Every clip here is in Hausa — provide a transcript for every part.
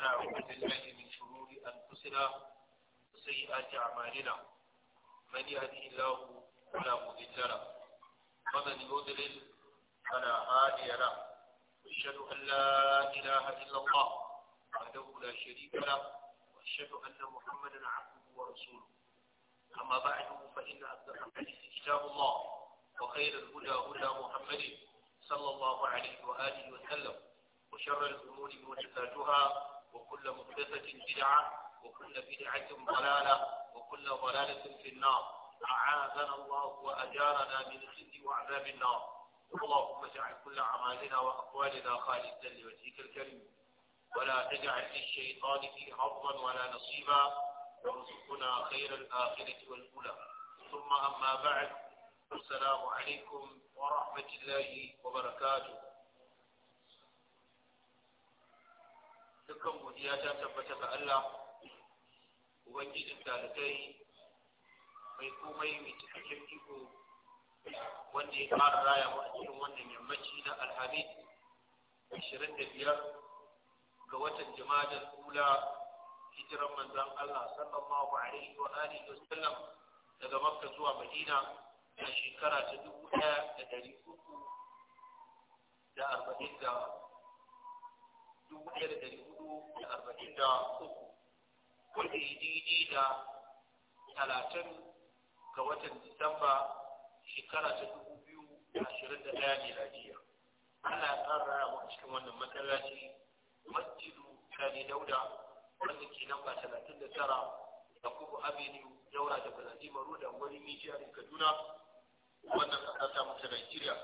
ونعوذ بالله من شرور أنفسنا وسيئات أعمالنا من يهده الله فلا مضل له ومن يضلل فلا هادي له أشهد أن لا إله إلا الله وحده لا شريك له وأشهد أن محمدا عبده ورسوله أما بعد فإن أصدق الحديث كتاب الله وخير الهدى هدى محمد صلى الله عليه وآله وسلم وشر الأمور محدثاتها وكل محدثة بدعة وكل بدعة ضلالة وكل ضلالة في النار أعاذنا الله وأجارنا من الخزي وعذاب النار اللهم اجعل كل أعمالنا وأقوالنا خالصا لوجهك الكريم ولا تجعل للشيطان في حظا ولا نصيبا وارزقنا خير الآخرة والأولى ثم أما بعد السلام عليكم ورحمة الله وبركاته dukkan godiya ta tabbata ga Allah ubangijin dalibai mai komai mai cikakken iko wanda ya fara raya mu a cikin wannan yammaci na alhamis 25 ga watan jimadar kula hijiran manzan Allah sallallahu alaihi wa alihi wa sallam daga makka zuwa madina a shekara ta dubu ɗaya da ɗari uku da arba'in da dubu ɗaya da ɗari hudu da arba'in da uku wanda ya daidai da talatin ga watan disamba shekara ta dubu biyu da ashirin da ɗaya miladiya Allah ya ƙara raya mu a cikin wannan masallaci masjidu kane dauda wanda ke ba talatin da tara yakubu avenue daura da baladi maro da wani mijiyar kaduna wannan ƙasa ta mu Najeriya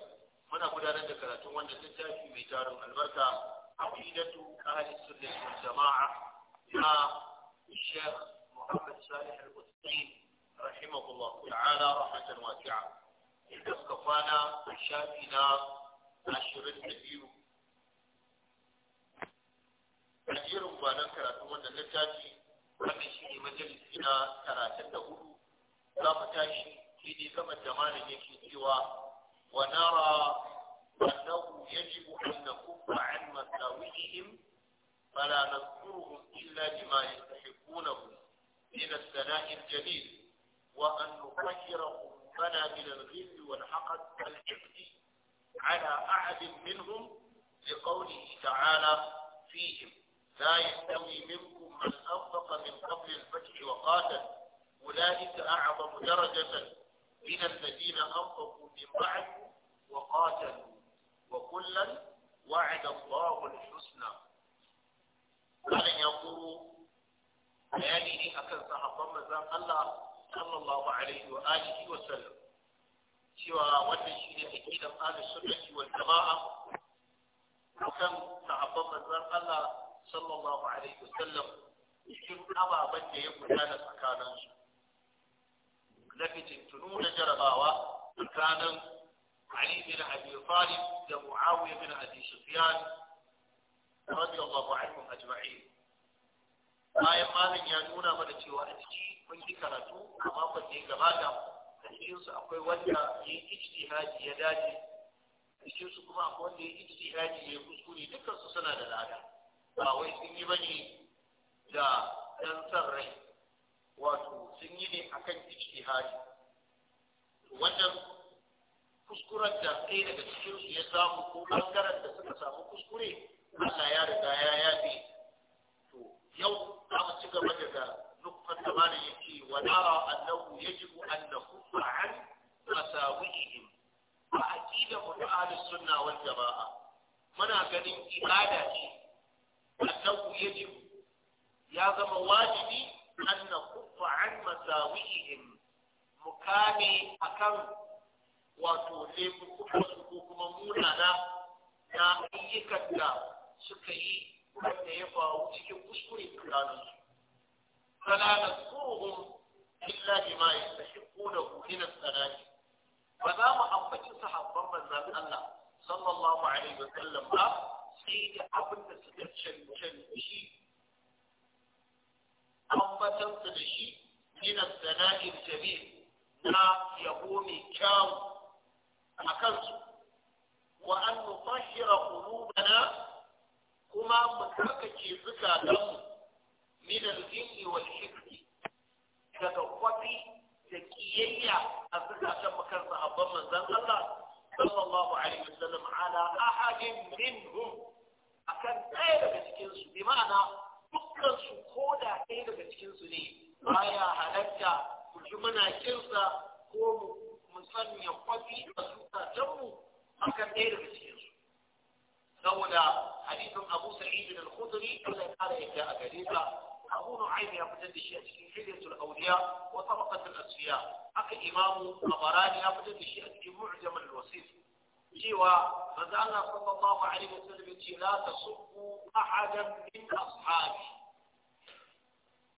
muna gudanar da karatun wannan littafi mai tarin albarka عقيدة أهل السنة والجماعة مع الشيخ محمد صالح المسلمين رحمه الله تعالى رحمة واسعة إذا كفانا شافنا عشرين كثير كثير مبانا كراتو وانا لتاتي وانا شيء مجلسنا كراتن دهولو لا متاشي في دي كما الزمان يكي سوى ونرى أنه يجب أن نكف عن مساوئهم فلا نذكرهم إلا بما يستحقونه من الثناء الجليل وأن نخير قلوبنا من الغل والحقد والحقد على أحد منهم لقوله تعالى فيهم لا يستوي منكم من أنفق من قبل الفتح وقاتل أولئك أعظم درجة من الذين أنفقوا من بعد وقاتلوا وكلا وعد الله الحسنى قال يقول بياني أكن صحابة مزان الله صلى الله عليه وآله وسلم cewa wannan shi ne aƙidan ahlus sunnati wal jama'a akan sahabban manzon Allah sallallahu alaihi wasallam cikin ababen da ya gudana tsakanin su na jarabawa tsakanin علي بن أبي طالب ومعاوية بن أبي سفيان رضي الله عنهم أجمعين bayan malam ya nuna mana cewa a ciki mun yi karatu a makon da ya gabata a cikinsu akwai wanda ya yi ijtihadi ya dace a cikinsu kuma akwai wanda ya yi ijtihadi ya yi kuskure dukkansu suna da lada ba wai sun yi bane da dan san rai wato sun yi ne akan ijtihadi wannan kuskuren da ɗaya daga cikin su ya samu ko ɓangaren da suka samu kuskure Allah ya riga ya yafe to yau za mu ci gaba daga nukfar da malam yake wa nara annahu yajibu an nakuffa an masawihim a aqida mu da sunna wal jamaa muna ganin ibada ce annahu yajibu ya zama wajibi an nakuffa an masawihim mu kame akan wato laifukansu ko kuma munana na ayyukan da suka yi wanda ya faru cikin kuskure tsakaninsu. Fala na tsohon illa bima ya tafi kuna hulinan tsanani. Ba za mu ambaci sahabban manzan Allah sallallahu alaihi wa sallam ba sai da abin da suka cancanci ambatansa da shi ina sana'in jami'a na yabo mai kyawu a kansu wa an nutahhira qulubana kuma mu tsarkake zukatanmu min al-jinni wal shirki daga kwafi da kiyayya a zukatan mu kan sahabban manzon Allah sallallahu alaihi wasallam ala ahadin minhum akan ɗaya daga cikin su bi ma'ana dukkan su ko da ɗaya daga cikin su ne baya halatta ku ji muna kinsa ko mu musamman ya kwafi a zukatanmu a kan ɗaya daga cikinsu. Saboda hadisin Abu Sa'id da Al-Khudri, Allah ya a gare sa, Abu ya fitar da shi a cikin Hidayatul Auliya wa Tabaqatul Asfiya, haka Imamu Abarani ya fitar da shi a cikin Mu'jamul Wasif. Cewa manzo ana sallallahu alaihi wa sallam ce la tasubbu ahadan min ashabi.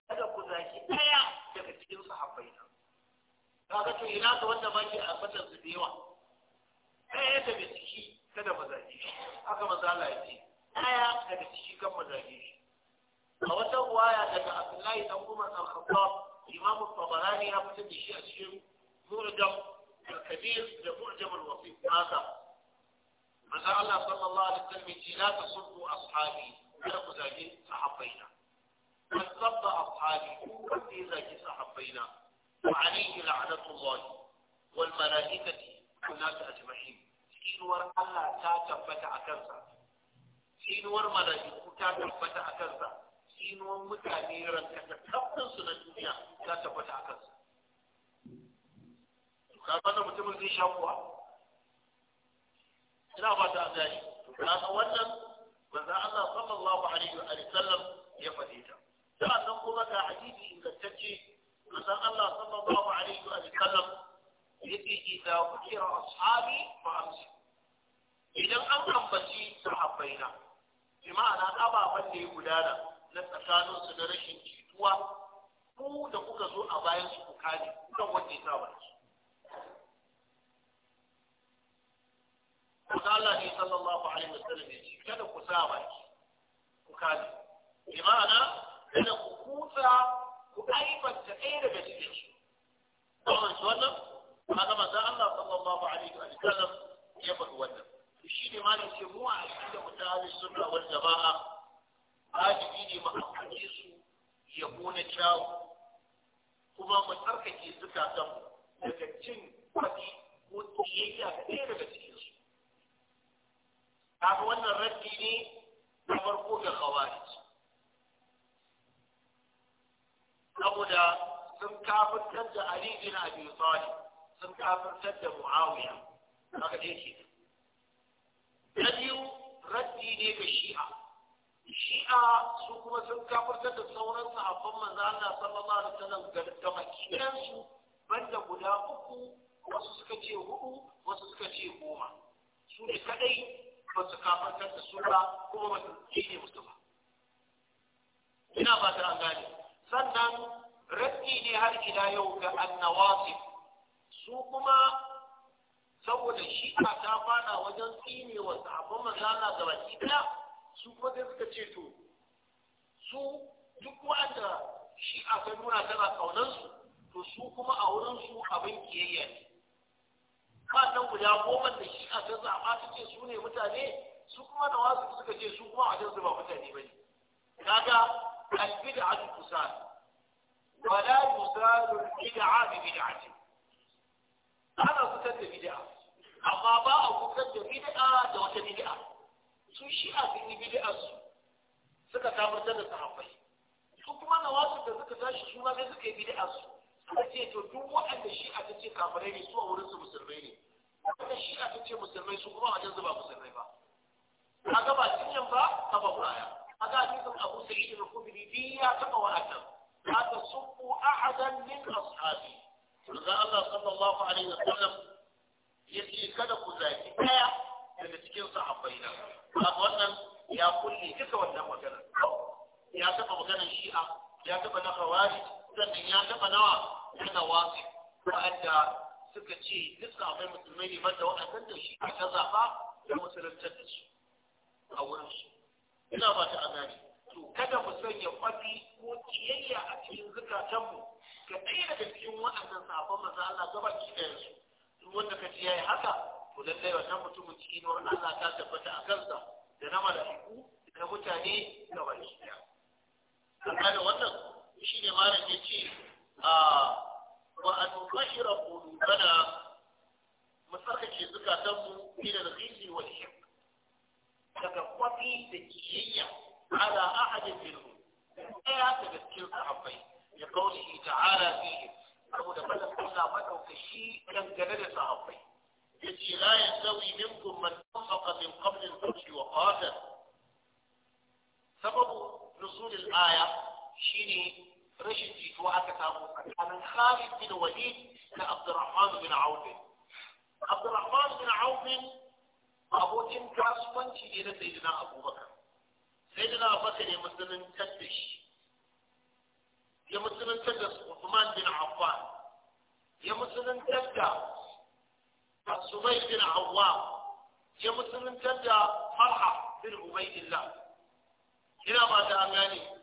Kada ku zaki ɗaya daga cikin sahabbai kaga to ina ga wanda ba shi ambatan su da yawa ɗaya daga ciki da mazaje shi haka maza Allah ya ce ɗaya daga ciki kan mazaje shi a wata waya daga Abdullahi dan Umar al-Khattab Imamu Tabarani ya fitar da shi a cikin Murjam al-Kabir da Murjam al-Wasif haka maza Allah sallallahu alaihi wasallam ya ce la tasubbu ashabi kada ku zage sahabbaina man sabba ashabi ku kan zage sahabbaina وعليه لعنة الله والملائكة والناس أجمعين tsinuwar Allah ta tabbata a kansa tsinuwar mala'iku ta tabbata a kansa tsinuwar mutane rankata kafin na duniya ta tabbata a kansa ka mutumin zai sha kuwa ina ba ta gani na san wannan manzo Allah sallallahu alaihi wa sallam ya fade ta kuma ga hadisi ingantacce manzon Allah sallallahu alaihi wa sallam yace idza ukira ashabi fa idan an ambaci sahabbaina bi ma'ana ababan da ya gudana na tsakanin su na rashin jituwa ku da kuka zo a bayan su wanda ya Allah ne sallallahu alaihi wa sallam ya ce kada ku saba ku kane bi ma'ana kada ku kusa ku aibanta ɗaya daga cikin su wannan shi wannan kaga manzon Allah sallallahu alaihi wa sallam ya faɗi wannan shi ne ma ce mu a aqida mu ta hali sunna wal jama'a wajibi ne mu su ya gona kuma mu tsarkake zukatan daga cin kwaɗi ko tsiyayya ɗaya daga cikin su kaga wannan raddi ne na farko ga khawarij saboda sun kafirtar da Ali bin Abi Talib sun kafirtar da Muawiya haka dai ke na biyu raddi ne ga shi'a shi'a su kuma sun kafirtar da sauran sahabban manzo Allah sallallahu alaihi wasallam ga makiyan su banda guda uku wasu suka ce hudu wasu suka ce goma su ne kadai ba su kafirtar da su ba kuma ba su ne musu ba ina ba ta an gane sannan raddi ne har ila yau ga annawasif su kuma saboda shi a ta fada wajen tsine wa sahabban manzana ga baki daya su kuma sai suka ce to su duk wanda shi a ta nuna tana su to su kuma a wurin su abin kiyayya ne matan guda goma da shi a ta zaba su ce su ne mutane su kuma da wasu suka ce su kuma a jinsu ba mutane ba ne kaga البدعة تزال ولا يزال البدعة ببدعة أنا كتبت بدعة أما باء كتبت بدعة دوت بدعة su shi a sun yi bid'a su suka kafartar da sahabbai su kuma na wasu da suka tashi su ma sai suka yi bid'a su suka ce to duk waɗanda shi a ce kafirai ne su a wurin su musulmai ne ce musulmai su kuma ba musulmai ba a gaba cinyan ba baya kaga hadisin Abu Sa'id al-Khudri bi ya taba wa'atan haka subbu ahadan min ashabi manzo Allah sallallahu alaihi wasallam yace kada ku zaki daya daga cikin sahabbai na kaga wannan ya kulle duka wannan magana ya taba maganar shi'a ya taba na khawarij sannan ya taba nawa na wasi wa'anda suka ce duk sahabbai musulmai ne banda waɗannan da shi aka zaɓa da musulunta da su a wurin su ina ba ta gane to kada mu sanya kwafi ko kiyayya a cikin zukatanmu ka ɗaya daga cikin wa'annan sabon maza Allah gaba ki da su duk wanda ka ji yayi haka to lallai wannan mutumin cikin wurin Allah ta tabbata a kansa da na mala'iku da mutane da baki ɗaya amma da wannan shi ne malam ya ce a wa an nufashira qulubana mu tsarkake zukatanmu ila da khisi wal-hib daga kwafi da kiyayya ala ahadin minhum ɗaya daga cikin sahabbai ya kauli ta'ala fihi saboda malam Allah madaukaki dangane da sahabbai yace la yasawi minkum man tafaqa min qabl al-fath wa qatal sababu nuzul al-aya shine rashin jituwa aka samu tsakanin Khalid bin Walid da Abdurrahman bin Auf Abdurrahman bin Auf abokin kasuwanci ne na sayyidina abubakar sayyidina abubakar ya musuluntar da shi ya musuluntar da Usman bin Affan ya musuluntar da Zubair bin hawa ya musuluntar da Farha bin Ubaydillah ina ba ta an gane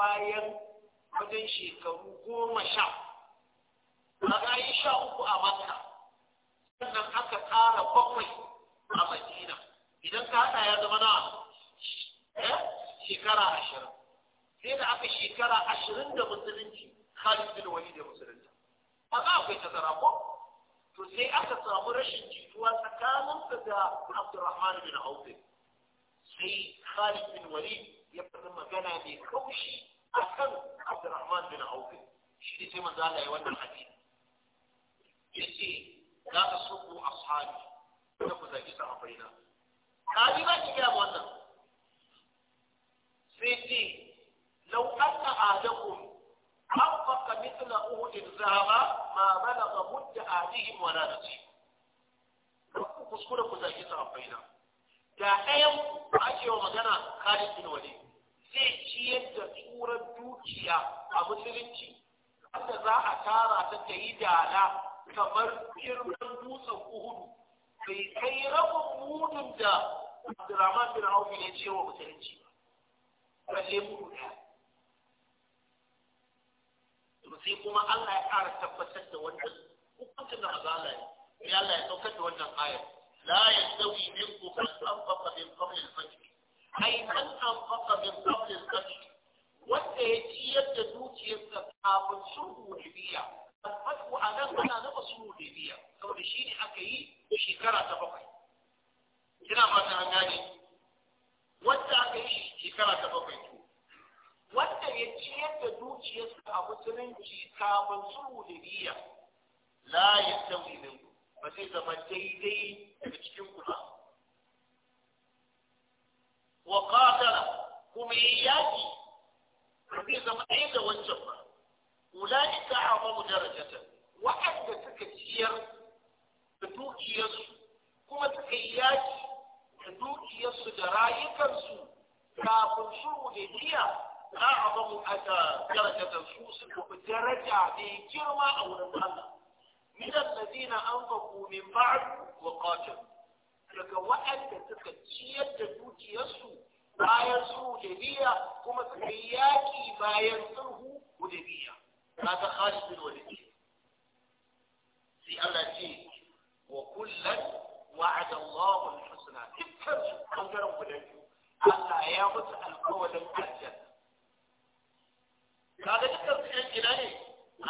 bayan wajen shekaru goma sha a yi sha uku a makka sannan aka ƙara bakwai a madina idan ka haɗa ya zama na eh? shekara ashirin sai da aka shekara ashirin da musulunci Khalid bin Walid da musulunta A za akwai tazara ko to sai aka samu rashin jituwa tsakaninsa da abdulrahman bin Auf sai Khalid bin Walid ya faɗi magana mai kaushi akan Abdurrahman bin Auf shi ne sai manzo Allah ya wannan hadisi yace la asubu ashabi da ku zaki sahabbaina kaji ba ki ga wannan sai ce law anna أنفق مثل أهل ذهبا ما بلغ مد أهلهم ولا نصيب. كم كسكولة كذا يسعى بينا. da ɗayan ku ake wa magana Khalid bin Walid zai ciyar da tsurar dukiya a musulunci wanda za a tara ta ta yi dala kamar girman dutsen uhudu bai kai rabin mudun da Abdurrahman bin Auf ya ce wa musulunci ba balle mudu ɗaya sai kuma Allah ya ƙara tabbatar da wannan hukuncin da azala ne ya Allah ya saukar da wannan ayar la yastawi minkum man anfaqa min qabli al-fajr ai an anfaka min qabl al-qatl wanda ya ciyar da dukiyarsa kafin sulhu hudaybiya al a nan ana nufin sulhu biya saboda shi ne aka yi shekara ta bakwai kina fata an gane wanda aka yi shekara ta bakwai to wanda ya ciyar da dukiyarsa a musulunci kafin sulhu hudaybiya la yastawi minku ba zai zama daidai daga cikin ku ba darajatan waɗanda suka ciyar da dukiyarsu kuma suka yi yaki da dukiyarsu da rayukansu kafin sulhu da biya na abamu a darajatan su suka fi daraja mai girma a wurin Allah من الذين أنفقوا من بعد وقاتلوا daga wa'anda suka ciyar da dukiyarsu bayan sulhu da kuma suka yi yaƙi bayan sulhu da biya هذا خالد بن وليد في الله شيء وكلا وعد الله الحسنى تذكر أجر ولده الله يغز القول الجنة هذا ذكر في الجنة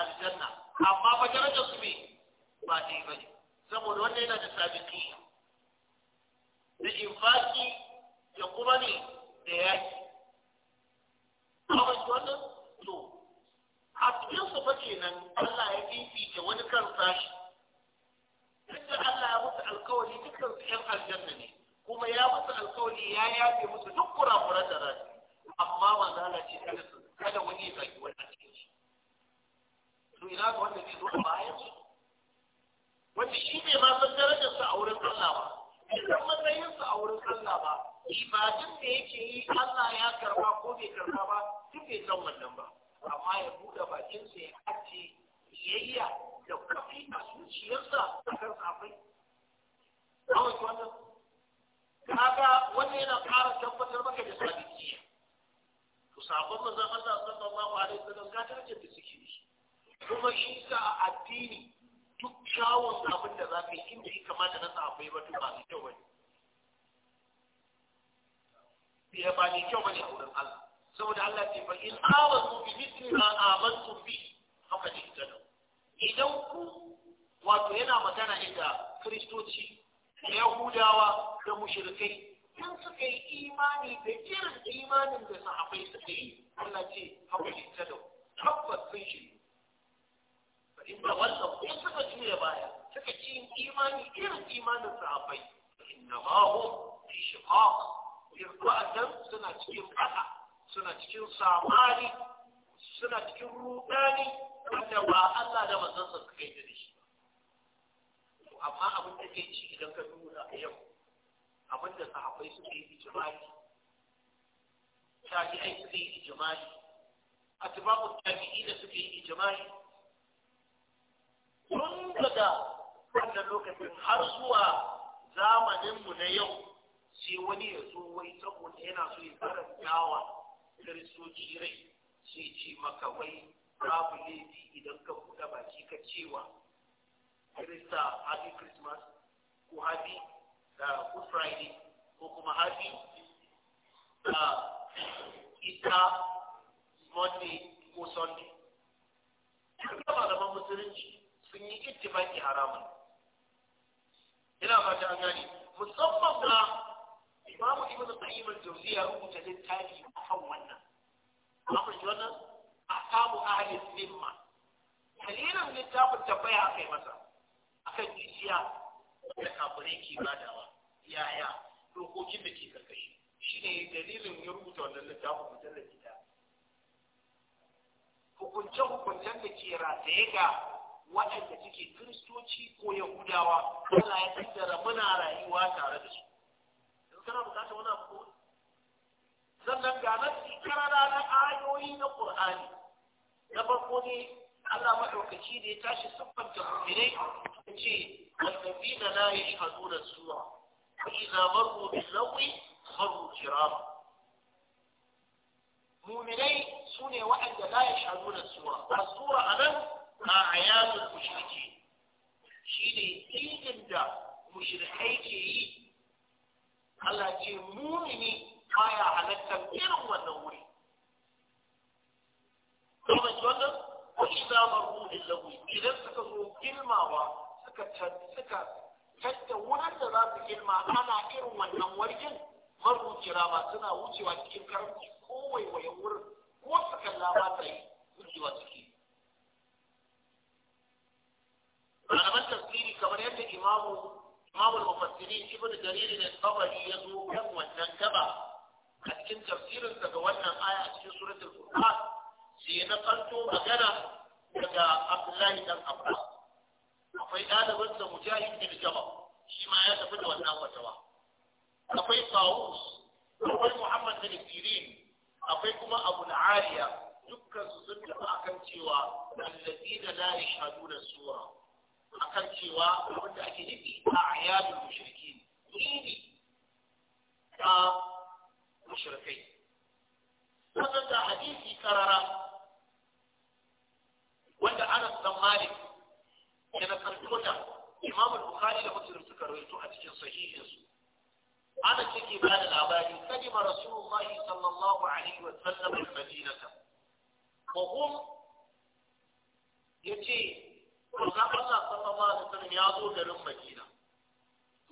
الجنة أما بدرجة سمي ما دي بني سمون ولينا نسابقين لإنفاقي يقومني بياكي أما يقول to a cikin su fa kenan Allah ya fifita wani kan sashi duk da Allah ya mutu alkawari dukkan su ƴan aljanna ne kuma ya mutu alkawari ya yafe musu duk kurakuran da rasu amma manzo Allah ce kada su kada wani ya zaki wani a cikin shi to ina ga wanda zai zo a bayan su wanda shi ne ma san darajar sa a wurin Allah ba idan matsayin sa a wurin Allah ba ibadin da yake yi Allah ya karba ko bai karba ba duk bai san wannan ba amma ya buɗe bakinsa ya ajiye yayya da kafi a zuciyarsa a kan safai kawai wannan kaga wannan yana ƙara tabbatar maka da sabiki. to sabon manzon Allah sallallahu alaihi wasallam ka tarje da suke yi kuma shi ka a addini duk kyawun abin da za ka yi inda ya kamata na safai ba to ba su kyau bane ba ne kyau bane a wurin Allah saboda Allah ce fa in amanu bi mithli ma amantum bi haka ne ita idan ku wato yana magana ne da kristoci da yahudawa da mushrikai in suka yi imani da irin imanin da sahabbai suka yi Allah ce haka ne ita tabbas sun shi fa in da wannan ko suka tura baya suka ci imani irin imanin sahabbai inna ma hum fi shiqaq irqa'atan suna cikin ƙasa suna cikin samari suna cikin rudani wanda ba Allah da manzansa su kai da shi amma abin da ke ci idan ka nuna a yau abin da sahabbai suka yi ijimali tabi'ai suke yi jima'i? atba'u tabi'i da suke yi ijimali tun daga wannan lokacin har zuwa zamaninmu na yau sai wani ya zo wai saboda yana so ya karanta wa kirisoci rai sai ce maka wai babu laifi idan ka buɗe baki ka cewa kirista happy christmas ko happy uh, good friday ko kuma happy ita uh, monday ko sunday ba zama musulunci sun yi ittifaki haramun ina ta an gani. musamman ba imamu ibn qayyim al-jawziy ya rubuta littafi akan wannan amma shi wannan ahkamu ahli zimma dalilin littafin tabbaya akai masa akan jijiya da kafirai ke badawa yaya dokokin da ke karkashi ne dalilin ya rubuta wannan littafin mujallar gida hukunce-hukuncen da ke rataye ga waɗanda suke kiristoci ko yahudawa Allah ya kaddara muna rayuwa tare da su kana bukatar wani abu sannan ga nassi karara na ayoyi na qur'ani na farko ne Allah madaukaki da ya tashi siffanta mu'minai ce wallazina la yashhaduna su'a fa idza marru bil lawi marru kiram mu'minai sune waɗanda la yashhaduna su'a as-sura suka tadda wurin da za su girma ana irin wannan wargin marubucira ba suna wucewa cikin karanci ko waiwayen wurin ko su kalla ba ta yi wucewa ciki malaman tasiri kamar yadda imamu imamu al-mufassirin ibnu jarir ne tabari ya zo kan wannan gaba a cikin tafsirin daga wannan aya a cikin suratul qur'an sai na kanto magana daga abdullahi dan abbas akwai ɗalibansa mujahid bin jabal shi ma ya tafi da wannan fatawa akwai sawus akwai muhammad bin sirin akwai kuma abu na'ariya dukkan su sun tafi akan cewa allazina la yashhaduna sura akan cewa abin da ake nufi a ayyadul mushrikin ne ta mushrikai sannan da hadisi karara wanda ana tsammanin ya nakalto ta Imam Bukhari da Muslim suka rawaito a cikin sahihinsu. su ana ba da labari kalima Rasulullah sallallahu alaihi wa sallam a Madinata wa hum yace Allah sallallahu alaihi wa sallam ya zo garin Madina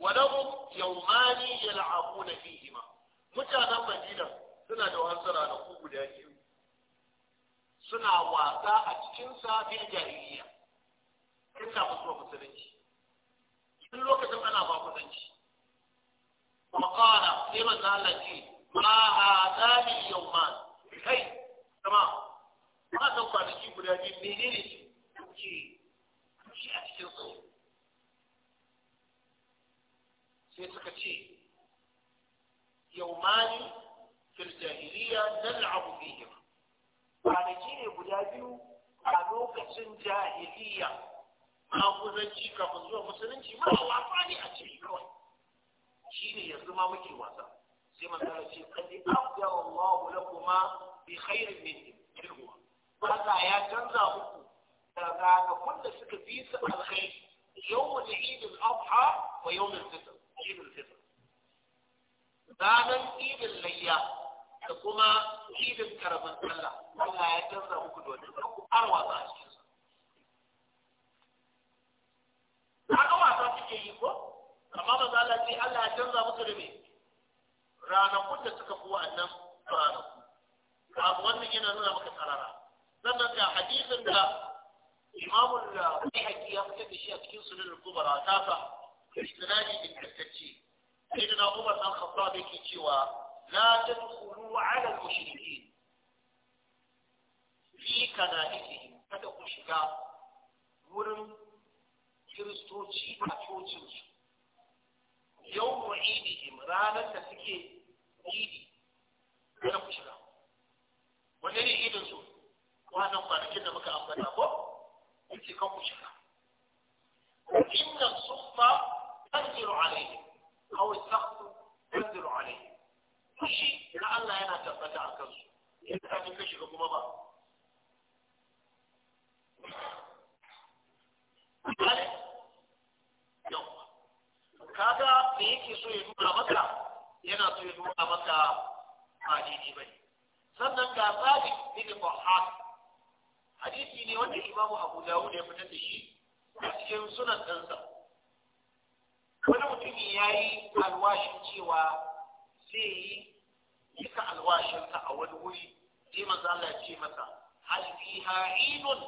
wa lahum yawmani yal'abuna fihima mutanen Madina suna da wasu ranaku guda biyu suna wasa a cikin safin jahiliya sun samu zuwa musulunci tun lokacin ana ba kusanci kuma kara sai manzo Allah ce ma hadani yawman kai kama ba zan kwanaki guda biyu menene shi kuke kuke a cikin tsoro sai suka ce yawmani fil jahiliya nal'abu fihim kwanaki ne guda biyu a lokacin jahiliya maguzanci kafin zuwa musulunci mara wasa ne a ciki kawai shi ne yanzu ma muke wasa sai manzara ce kalli abdara Allah lakuma bi khairin min tilhuwa Allah ya canza muku daga ga wanda suka fi su alkhairi yawmul eid al-adha wa yawmul fitr eid al-fitr ranar eid layya da kuma eid karamin Allah Allah ya canza muku da wannan ku arwa ba kaga wasa suke yi ko amma ba za Allah ce Allah ya canza musu da me ranakun da suka fi wa'annan ranaku abu wannan yana nuna maka tsarara sannan ga hadisin da imamun da haƙi ya fitar da shi a cikin sunan al-kubra ta fa isnadi din kaskace sayyidina Umar dan Khattab yake cewa la tadkhulu ala al-mushrikeen fi kanaihim kada ku shiga wurin kiristoci a cocinsu yau wa idihim ranar da suke idi ya ku shiga wanda ne idin su wannan kwanakin da muka ambata ko yake kan ku shiga inna summa tanziru alayhi aw saqtu tanziru alayhi shi na Allah yana tabbata a kansu yadda kafin ka shiga kuma ba Thank you. kaga me yake so ya nuna maka yana so ya nuna maka ba daidai bai. sannan ga sabi ibn Qahhar hadisi ne wanda Imam Abu Dawud ya fitar da shi a cikin sunan dansa wani mutumi ya yi alwashin cewa zai yi alwashin ta a wani wuri sai manzo Allah ya ce masa hal fiha idun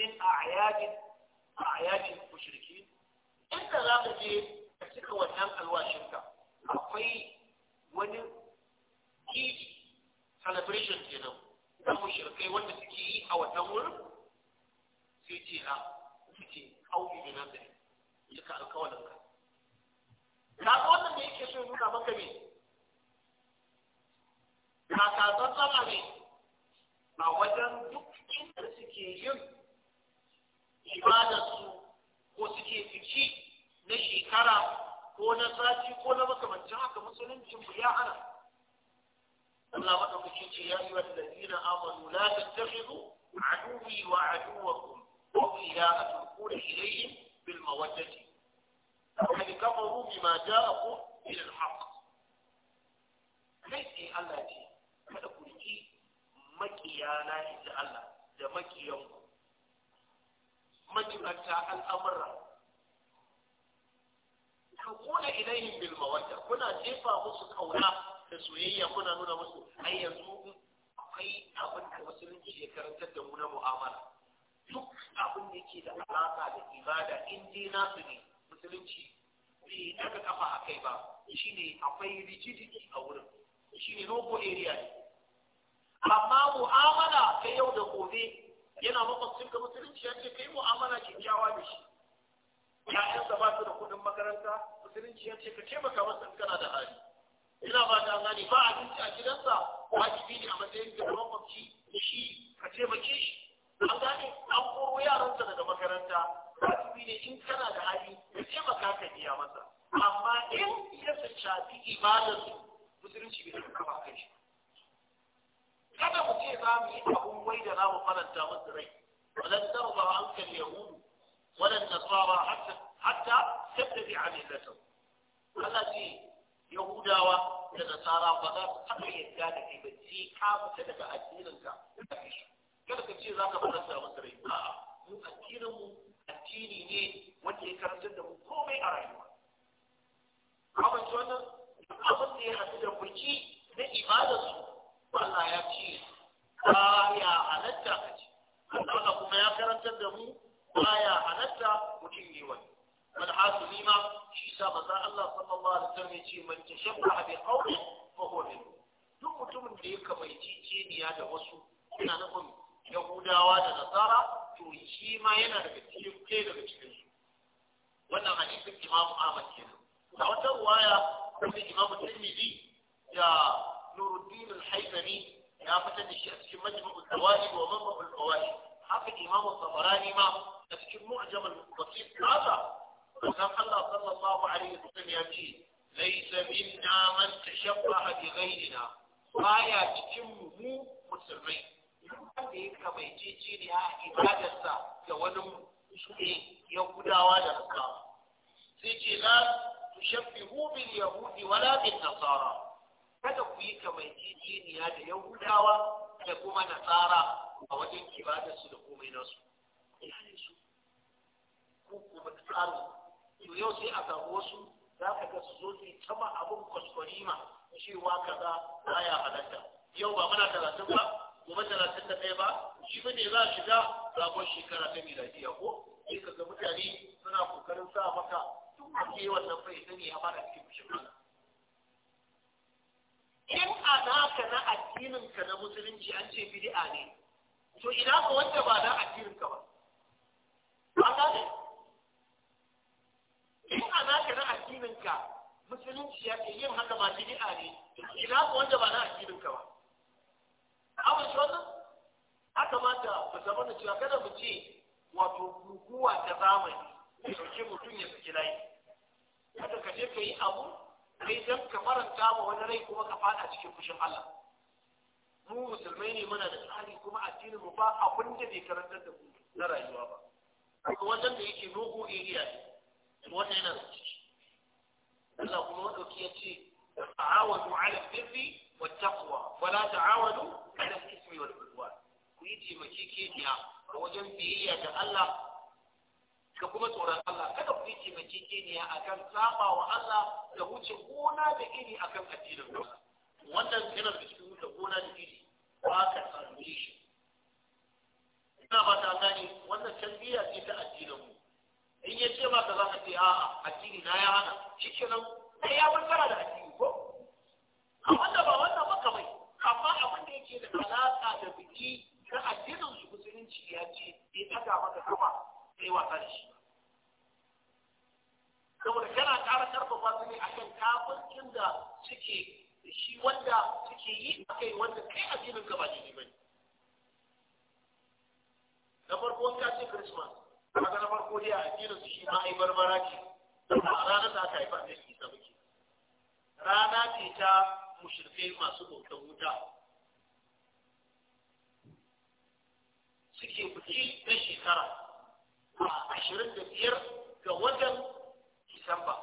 min a'yadin a'yadin mushrikin inda za ka je ka cika wannan alwashinka akwai wani kiji celebration nan na mushrikai wanda suke yi a wannan wurin sai ce a ah, suke auki da nan da cika alkawalinka ka ga wannan da yake so nuna maka ne ka ka ne a wajen duk inda suke yin ibadarsu ko suke fice na shekara ko na sati ko na makamancin haka musuluncin mu ya hana Allah madaukaki ce ya yi wa ladina amanu la tattakhidhu aduwi wa aduwakum awliya tulquna ilayhim bil mawaddati فقد كفروا بما جاءكم من الحق kai tsaye Allah ce kada ku riƙi makiyana inda Allah da makiyanku majibarta al'amura tulquna ilaihim bil mawadda kuna jefa musu kauna da soyayya kuna nuna musu ai yanzu akwai abin da musulunci ya karantar da mu na mu'amala duk abin da yake da alaka da ibada in dai nasu ne musulunci bai daga kafa a kai ba shine akwai rigidity a wurin shine robo area ne amma mu'amala ta yau da gobe yana makwabcin ga musulunci ya ce kai mu'amala kyakkyawa da shi ya'yansa ba su da kuɗin makaranta musulunci ya ce ka taimaka masa in kana da hali ina ba ta gani ba abinci a gidansa wajibi ne a matsayin da ruwan mafci shi ka taimake shi an gane an koro yaransa daga makaranta wajibi ne in kana da hali ka taimaka ka biya masa amma in ya shafi ibadarsu musulunci bai taɓa kama kai shi kada mu ce za mu yi abun wai da za mu faranta musu rai walan hankali ya kan yahudu walan nasara hatta hatta tattabi a millatahu Allah Yahudawa da Nasara ba za su taɓa yadda da kai ba ce ka fita daga addininka kada ka ce za ka faranta musu rai a'a mu addininmu addini ne wanda ya karantar da mu komai a rayuwa. Abin wannan abin da ya haɗu da kuki na ibada manzon Allah sallallahu alaihi wasallam yace man tashabba bi qawli fa huwa minhu duk mutumin da ya kamaici ceniya da wasu ina nufin Yahudawa da Nasara to shi ma yana daga cikin kai daga cikin su wannan hadisin Imam Ahmad kenan Da wata ruwaya sai Imam Tirmidhi da Nuruddin al-Haythami ya fitar da shi a cikin majmu'ul zawaid wa mabul fawaid haka Imam Tabarani ma wala ta'awadu ala al-ismi wal udwan ku yi taimakekeniya a wajen biyayya ga Allah ka kuma tsoron Allah kada ku yi taimakekeniya akan saba wa Allah da wuce gona da iri akan addinin Allah wannan yana da cikin wuce gona da iri ba ka sami shi ina ba ta gane wannan tarbiyya ce ta mu in ya ce maka za ka ce a'a addini na ya hana shi kenan sai ya bar da addini ko a wanda ba yake da alaƙa da biki ta addinin su musulunci ya ce bai ɗaga maka kafa sai wasa da shi saboda kana ƙara ƙarfafa su ne a kan kafin da suke shi wanda suke yi a kai wanda kai addinin ka ba ne ba ne na farko ka ce Christmas kaga na farko dai addinin su shi ma ai barbara ce amma ranar da aka haifa da Isa muke rana ce ta mushrikai masu bautan wuta suke buki na shekara a ashirin da biyar ga watan Disamba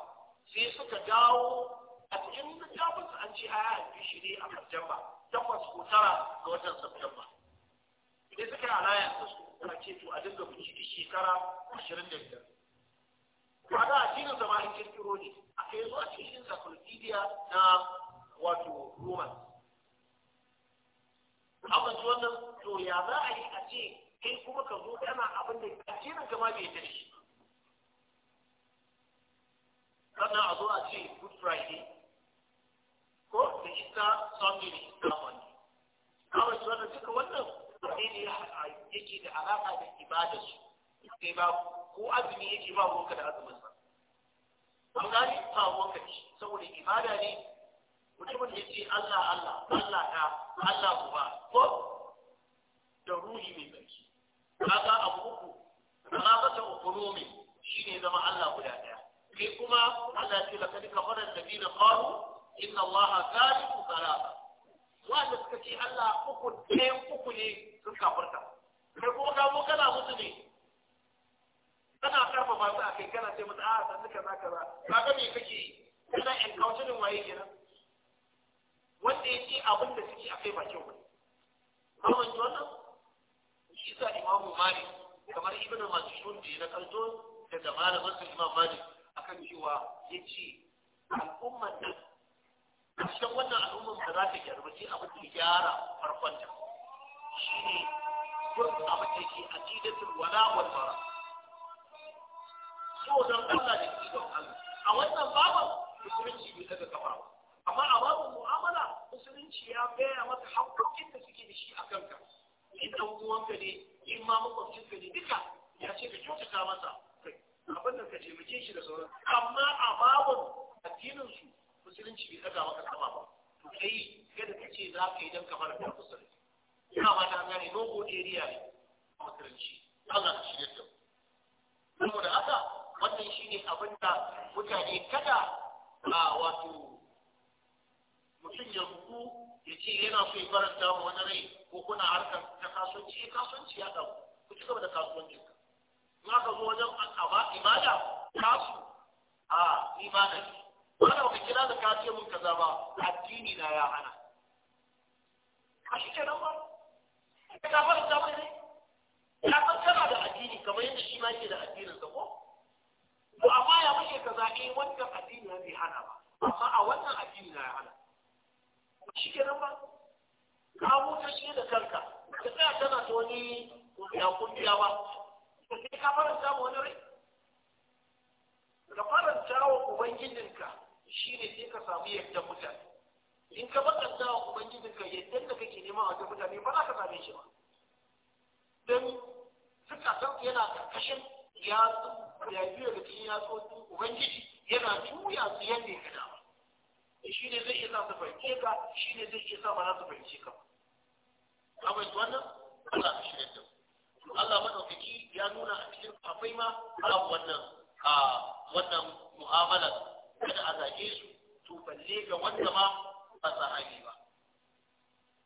sai suka dawo a cikin littafin an ce a haifi shi ne a Septemba don masu tara ga watan Septemba idan suka yi alaya da su a ce to a dinga buki duk shekara ashirin da biyar kaga addinin zama an kirkiro ne a kai zuwa cikin encyclopedia na wato Roman abin wannan to ya za a yi a ce kai kuma ka zo kana abin da addinin gama ma bai yadda shi sannan a zo a ce good friday ko da ita sunday da ita monday kawai su wannan duka wannan sai ne yake da alaƙa da ibada su sai ba ko azumi yake ba wanka da azumin sa an gani ba wanka ne saboda ibada ne mutumin ya ce Allah Allah Allah ɗa Allah uba ko da ruhi mai barki kaga abu uku alabata ukurumi shine zama Allah guda daya kai kuma Allah ce laqad kafara alladhina qalu inna Allah thalithu thalatha wanda suka ce Allah uku ne uku ne sun kafirta kai kuma ka mu kana musu ne kana karfafa su akai kana ce musu a ah, san duka za kaza kaga me kake kana encountering waye kenan wanda ya ce abin da suke akai ba kyau ba. Amma wannan shi sa imamu malik kamar ibnu mas'ud da na Kanto daga malamin sa imam malik akan cewa yace al'ummar nan a wannan al'ummar da za ta gyaru sai abin da gyara farkon ta ne kun abin da ke aqidatul wala wal bara so dan Allah da ke don Allah a wannan babu musulunci bai daga kafa amma a babu mu'amala musulunci ya gaya maka haƙƙoƙin da suke da shi a kanka in dan uwanka ne in ma makwabcinka ne duka ya ce ka kyautata masa abin da ka taimake shi da sauran amma a babu addinin su musulunci bai daga maka sama ba to kai kada ka ce za ka yi dan kamar da musulunci ina ba ta gane no go area ne musulunci Allah ka shirya da saboda haka wannan shine abin da mutane kada a wato mutum ya rubu ya ce yana so ya faranta wani rai ko kuna harkar ta kasuwanci eh kasuwanci ya ɗau ku ci gaba da kasuwanci in aka zo wajen ibada kasu a ibada ne wanda baka kira da ka ce mun kaza ba addini na ya hana a shi nan ba ka da mai ne ya san tana da addini kamar yadda shi ma yake da addinin sa ko to amma ya mace kaza eh wannan addini na bai hana ba amma a wannan addini na ya hana shi nan ba ka huta shi da kanka ka tsaya tana ta wani kungiya kungiya ba to sai ka faranta ma wani rai ka faranta wa ubangijinka shi ne sai ka samu yadda mutane in ka bakanta wa ubangijinka yadda da kake nema wajen mutane ba za ka same shi ba don san yana karkashin yatsu ya biyu da cikin yatsotsin ubangiji yana juya su yadda ya gada ba shi ne zai iya sa su fahimce ka shi ne zai iya sa ba za su fahimce ka ba kawai wannan Allah ka shirya da Allah madaukaki ya nuna a cikin akwai ma babu wannan a wannan mu'amala kada a zage su to ga wanda ma ba sahabi ba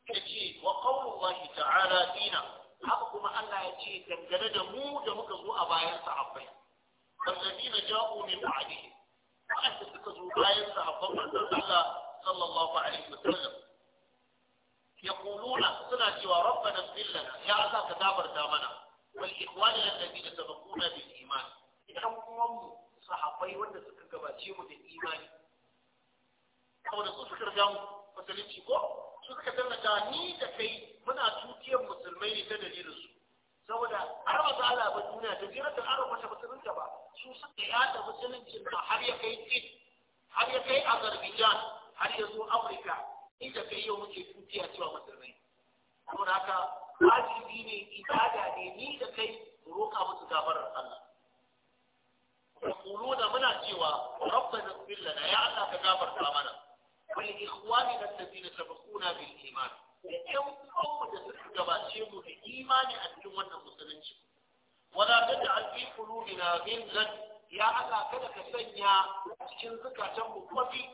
Ya yace wa qaulullahi ta'ala dina haka kuma Allah ya ce dangane da mu da muka zo a bayan sahabbai wallazina ja'u min ba'dihi wa'anda suka zo bayan sahabban manzon Allah sallallahu alaihi wasallam يقولون سنا سوى ربنا اغفر لنا يا الله كتابر دامنا والإخوان الذين سبقونا بالإيمان إذا هم صحابي وانا سكر قباتيهم بالإيمان أو نسو سكر جامو مسلمتي كو suka tallata ni da kai muna tutiyar musulmai ne ta dalilinsu saboda araba ta ala ba duniya ta jira ta araba ta musulunta ba su suka yada musuluncin har ya kai har ya kai azerbaijan har ya zo afirka inda kai yau muke tutiya cewa musulmai kuma haka wajibi ne ibada ne ni da kai mu roƙa musu gafarar Allah yaquluna muna cewa rabbana ighfir lana ya Allah ka gafarta mana wal ikhwanina alladhina sabaquna bil iman da ƴan uwanmu da suka gabace mu da imani a cikin wannan musulunci wala taj'al fi Bin ghillan ya Allah kada ka sanya cikin zukatanmu kwafi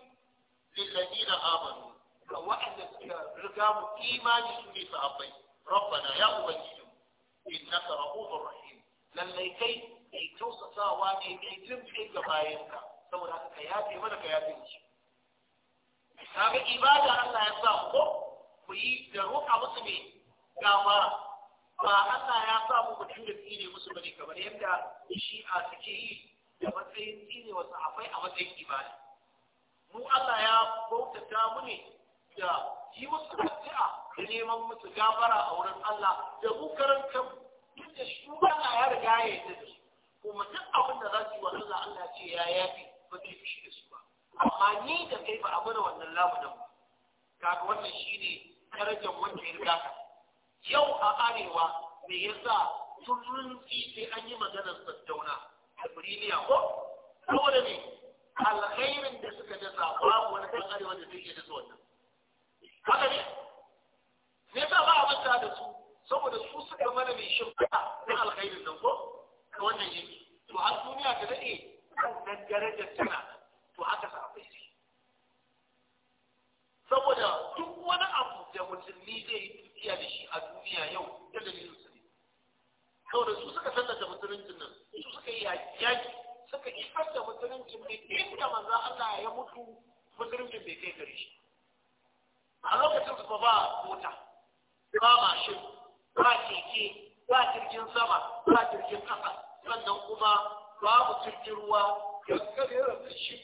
lil na amanu ga waɗanda suka riga mu imani su ne sahabbai rabbana ya ubangiji innaka rahimur rahim lallai kai kai tausasawa ne kai jin kai ga bayanka saboda haka ka yafe mana ka yafe mu kaga ibada Allah ya sa ko ku yi da roƙa musu ne gama. ba Allah ya sa mu mutum da tsine musu bane kamar yadda shi'a suke yi da matsayin tsine wa sahabbai a matsayin ibada mu Allah ya bautata mu ne da yi musu addu'a da neman musu gabara a wurin Allah da mu karanta duk da ya riga ya yi da su kuma duk abin da za su yi wa Allah Allah ce ya yafi ba zai fi da su ba amma ni da kai ba abu da wannan lamunan ba kaga wannan shine darajar wanda ya riga ka yau a arewa me yasa tun sai an yi maganar Sattauna da birniya ko saboda ne alkhairin da suka dasa babu wani kan arewa da zai iya dasa wannan haka ne ne sa ba a manta da su saboda su suka mana mai shimfiɗa na alkhairin nan ko ka wannan yanki to har duniya ta daɗe nan darajar tana to haka sa abai sai saboda duk wani abu da mutum ni zai yi dukiya da shi a duniya yau da dalilin su ne saboda su suka sallata musuluncin nan su suka yi yaki suka isar da musuluncin ne inda manzo Allah ya mutu musuluncin bai kai gare shi a lokacin su ba a mota ba mashin ba keke ba jirgin sama ba jirgin kasa sannan kuma mu jirgin ruwa gaskar yana da shi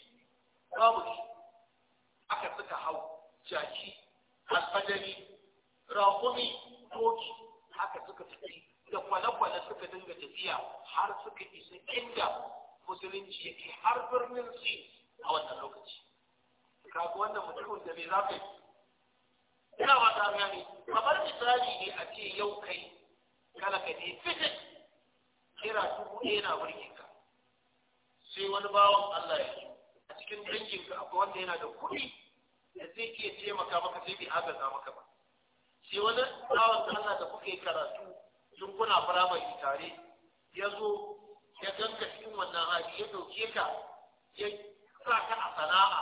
babu shi aka suka hau jaki alfadari rahumi doki haka suka tafi da kwale-kwale suka dinga tafiya har suka isa inda musulunci yake har birnin si a wannan lokaci kaga wannan mutumin da bai zafi ina ba ta gane kamar misali ne a ce yau kai kala ka je fitin kira dubu ɗaya na burge ka sai wani bawan Allah ya zo a cikin danginka akwai wanda yana da kuɗi da zai ke taimaka maka sai bai agaza maka ba sai wani bawan Allah da kuka yi karatu tun kuna firamare tare ya zo ya ganka cikin wannan hali ya ɗauke ka ya sa ka a sana'a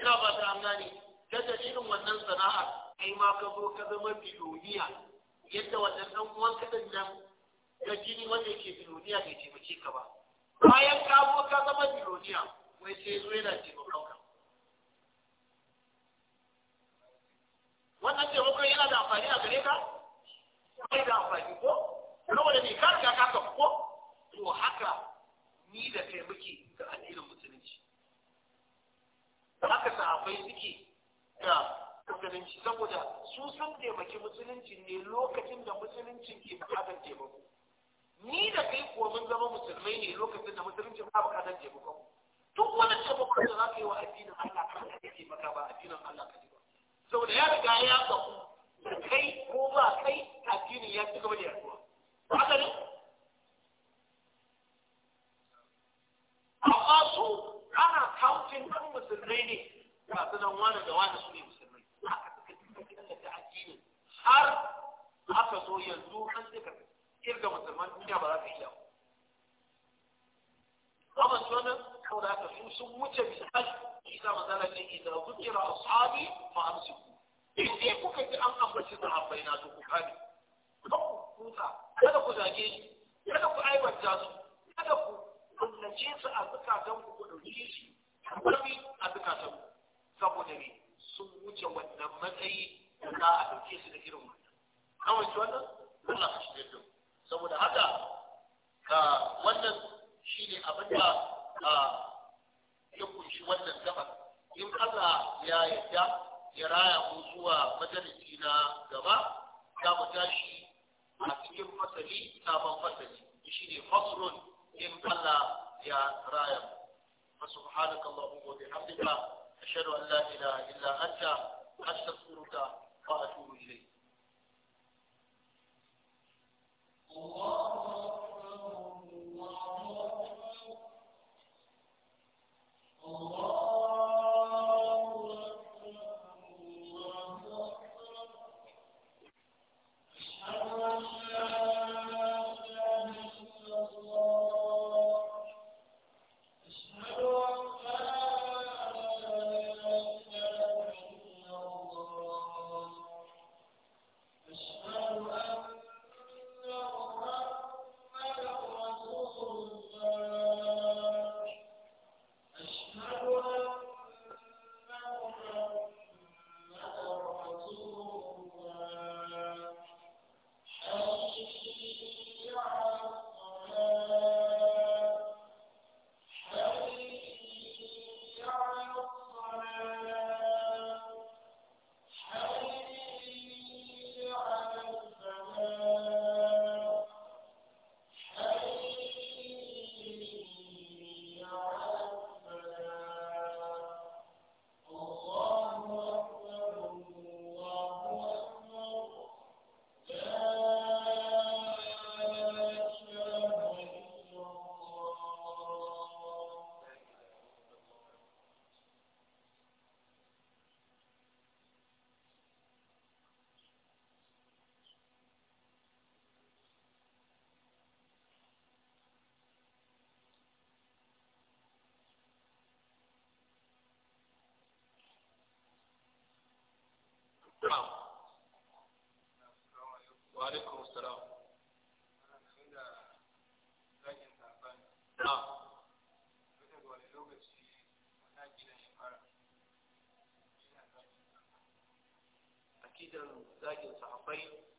ina ba ta ne. ta dalilin wannan sana'a kai ma ka zo ka zama biloniya yadda wannan ɗan uwan kaɗan nan ga jini wanda yake biloniya bai taimake ka ba bayan ka zo ka zama biloniya wai sai zo yana taimakon ka wannan taimakon yana da amfani a gare ka bai da amfani ko saboda ne ka riga ka kafa ko musulunci saboda su sun taimaki musulunci ne lokacin da musuluncin ke bukatar taimako ni da kai kuwa mun zama musulmai ne lokacin da musulunci ba bukatar taimako duk wani taimako da za ka yi wa addinin Allah kan da kake taimaka ba addinin Allah ka ba saboda ya riga ya gabu da kai ko ba kai addinin ya ci gaba da yaduwa haka ne amma su ana counting ɗan musulmai ne masu nan wani da wani su ne har aka zo yanzu an sai ka kirga musulman duniya ba za ka iya amma su wannan saboda haka su sun wuce misali isa manzala ne idan zukira ashabi fa amsiku in dai kuka ji an ambaci sahabbai na to ku kame kada ku zage shi kada ku aibanta su kada ku kullace su a zukatan ku ku dauke shi ku a zukatan saboda ne sun wuce wannan matsayi da za a ɗauke su da irin wannan an wanci wannan Allah ka shirya da saboda haka ka wannan shi ne abin da ya kunshi wannan gabar in Allah ya yarda ya raya mu zuwa majalisi na gaba za mu tashi a cikin fasali sabon fasali shi ne fasulun in Allah ya raya mu فسبحانك اللهم وبحمدك أشهد أن لا إله إلا أنت أستغفرك وأتوب إليه الله na'am wa alaikum assalam na'am akidan zagin sahabbai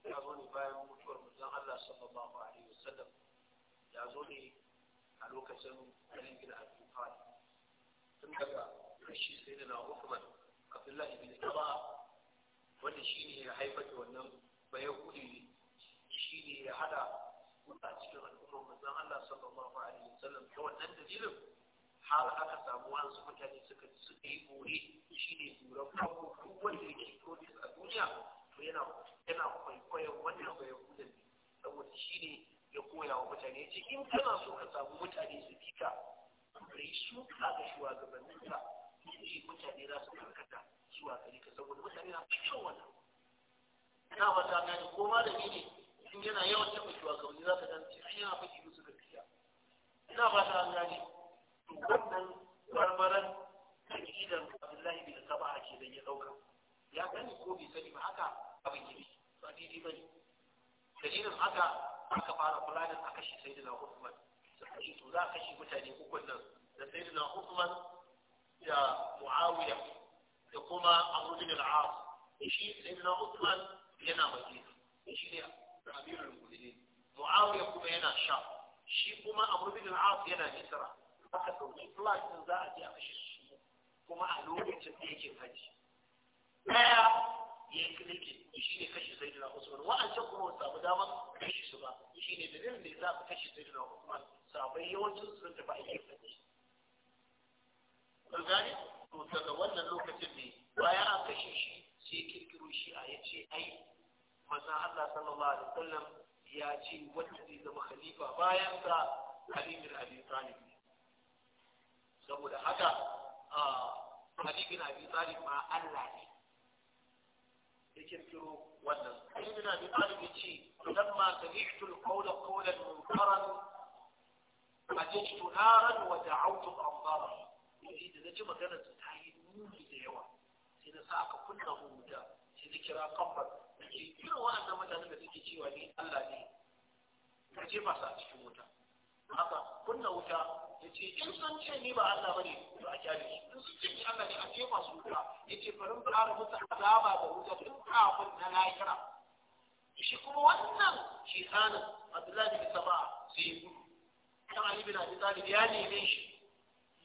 ya zo ne bayan mutuwar mutum Allah sallallahu alaihi wasallam ya zo ne a lokacin Ali bin wasallam ta wannan dalilin har aka samu wasu mutane suka suka yi gore shine duran farko duk wanda yake produce a duniya to yana yana kwaikwayon wannan bai hudan saboda shi ne ya koya wa mutane ya ce in kana so ka samu mutane su bi ka yi shuka ga shugabannin ka shi mutane za su karkata zuwa gari ka saboda mutane na fi wannan ina ba ta gani ko malami ne Ina ba ta an gane wannan marmaran akidan abdullahi bin saba a ke da ya dauka ya sani ko bai sani ba haka abin yi ba didi ba ne dalilin haka aka fara fulanin a kashe sai da Uthman. suka to za a kashe mutane uku nan da sai da Uthman da muawiya da kuma amru bin al-as shi sai da usman yana madina shi ne amirul mu'minin muawiya kuma yana sha shi kuma a bin al-as yana misra aka dauki flash din za a je a kashe shi kuma a lokacin da yake haji daya ya yi kilike shi ne kashe sayyidina usman wa'ancan kuma shakku wa sabu dama kashe su ba shi ne dalilin da za ku kashe sayyidina usman sabai yawancin sun tafi aikin haji kun gane to daga wannan lokacin ne bayan a kashe shi sai kirkiro shi a yace ai manzon Allah sallallahu alaihi wasallam ya ce wanda zai zama khalifa bayan sa Ali bin Abi Talib saboda haka Ali bin Abi Talib ma Allah ne ya kirkiro wannan Ali bin Abi Talib ya ce lamma sami'tu al-qawla qawlan munkaran ajajtu naran wa da'awtu al-anbara yace da naji maganar ta yi nuni da yawa sai na sa aka kunna huta sai na kira kamfan ce irin waɗannan mutanen da suke cewa ni Allah ne ka ce masu a cikin wuta haka kunna wuta ya ce in sun ce ni ba Allah ba ne to a kyale shi in sun ce ni Allah ne a ce masu wuta ya ce farin fara musu azaba da wuta tun kafin na lahira shi kuma wannan shekanin Abdullahi bin Saba sai ya gudu kan Ali bin Abi Talib ya neme shi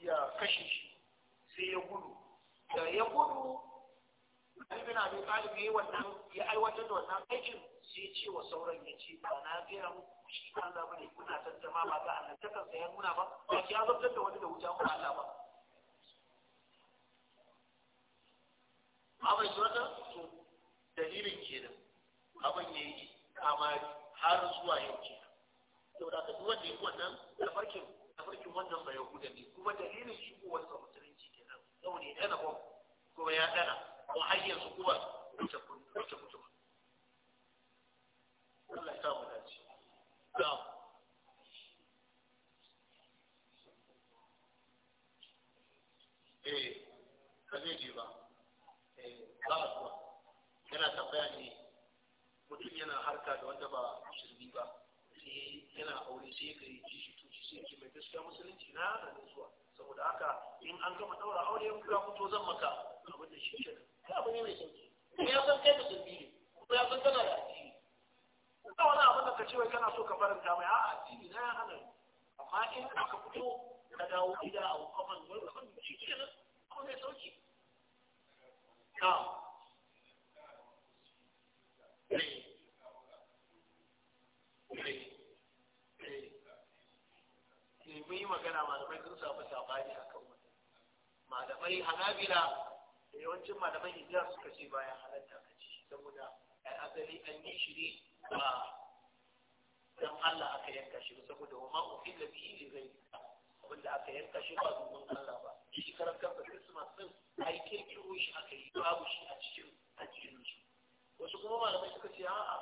ya kashe shi sai ya gudu da ya gudu Ali bin Abi Talib yayi wannan ya aiwatar da wannan aikin sai ce wa sauran ya ce ba na gaya muku shi Allah bane kuna tantama ba ga Allah ta kansa ya nuna ba ba ki azabtar da wani da wuta ko Allah ba abin shi wata to dalilin kenan abin ya yi kamari har zuwa yau kenan saboda ka duk da ya yi wannan tafarkin tafarkin wannan ba yahuda ne kuma dalilin shi ko wannan musulunci kenan saboda ya dana ba kuma ya dana kuma har yanzu kuma wata wata mutum Allah ya sa mu dace na'am eh ba zai je ba eh ba kuwa yana tambaya ne mutum yana harka da wanda ba musulmi ba sai yana aure sai ya gari kishi tuci sai ya mai gaskiya musulunci na ranar zuwa saboda haka in an gama ɗaura aure ya fito zan maka abin da shi kenan sai ya san kai kuma ya san da addini wani abin da ka ce wai kana so ka faranta mai a'a ya amma in aka fito ka dawo gida a mai yi magana malamai sun samu a kan wani malamai yawancin malaman hijira suka ce bayan halatta ka ci saboda ai asali an yi shiri ba dan Allah aka yanka shi ba, saboda wa ma ufilla bihi li ghayri abinda aka yanka shi ba domin Allah ba shi karan kansa Christmas masu ai kirkiro shi aka yi babu shi a cikin a cikin shi wasu kuma malamai suka ce a'a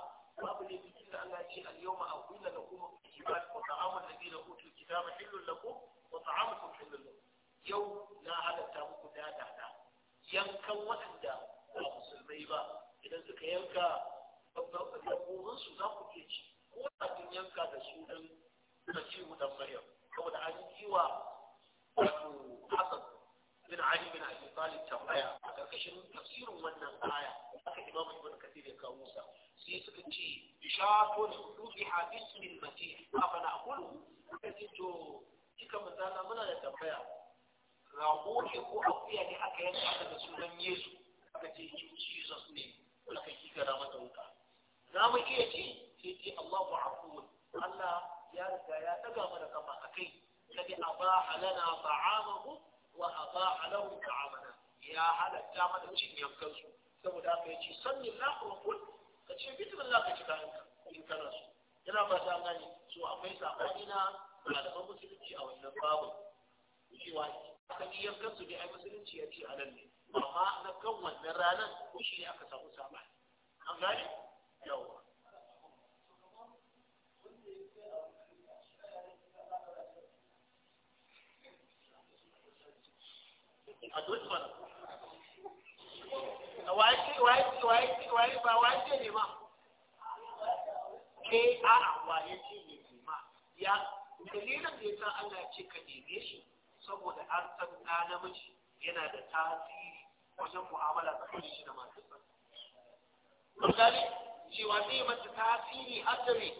babu ne bikin da Allah ce al-yawma aqulla lakum kitab wa ta'amu alladhina utul kitaba hillun lakum wa ta'amukum hillun lakum yau na halatta muku da da yankan waɗanda ba musulmai ba idan suka yanka dabbobinsu za ku iya ci ko da kun yanka da sunan masihu dan maryam saboda an yi wa wato hasan bin ali bin abi talib tambaya a karkashin tafsirin wannan aya aka imam ibn kathir ya kawo sa sai suka ce shatun dubiha bismil masih afala aqulu kace to kika manzala muna da tambaya rago ne ko akuya ne aka yanka da sunan yesu aka ce in jesus ne aka kikara mata wuta za mu iya ce sai ce allahu afuwun allah ya riga ya daga mana kafa a kai kadi a ba halana ta'amahu wa a ba halahu ta'amana ya halatta mana cin yankansu saboda aka yi ci, sannin la'urkul ka ce bitimin la ka ci kayanka in kana so yana ba ta gane so akwai sabani na malaman musulunci a wannan babu cewa akan yi yankan su ne ai musulunci ya ce a nan ne amma na kan wannan ranar shi ne aka samu sabani an gane yawa a duk mana waye ba waye ne ma ke a'a waye ce ne ma ya dalilin da ya sa Allah ce ka neme shi saboda an san ɗa namiji yana da tasiri wajen mu'amala tsakanin shi da matarsa misali cewa zai mata tasiri asiri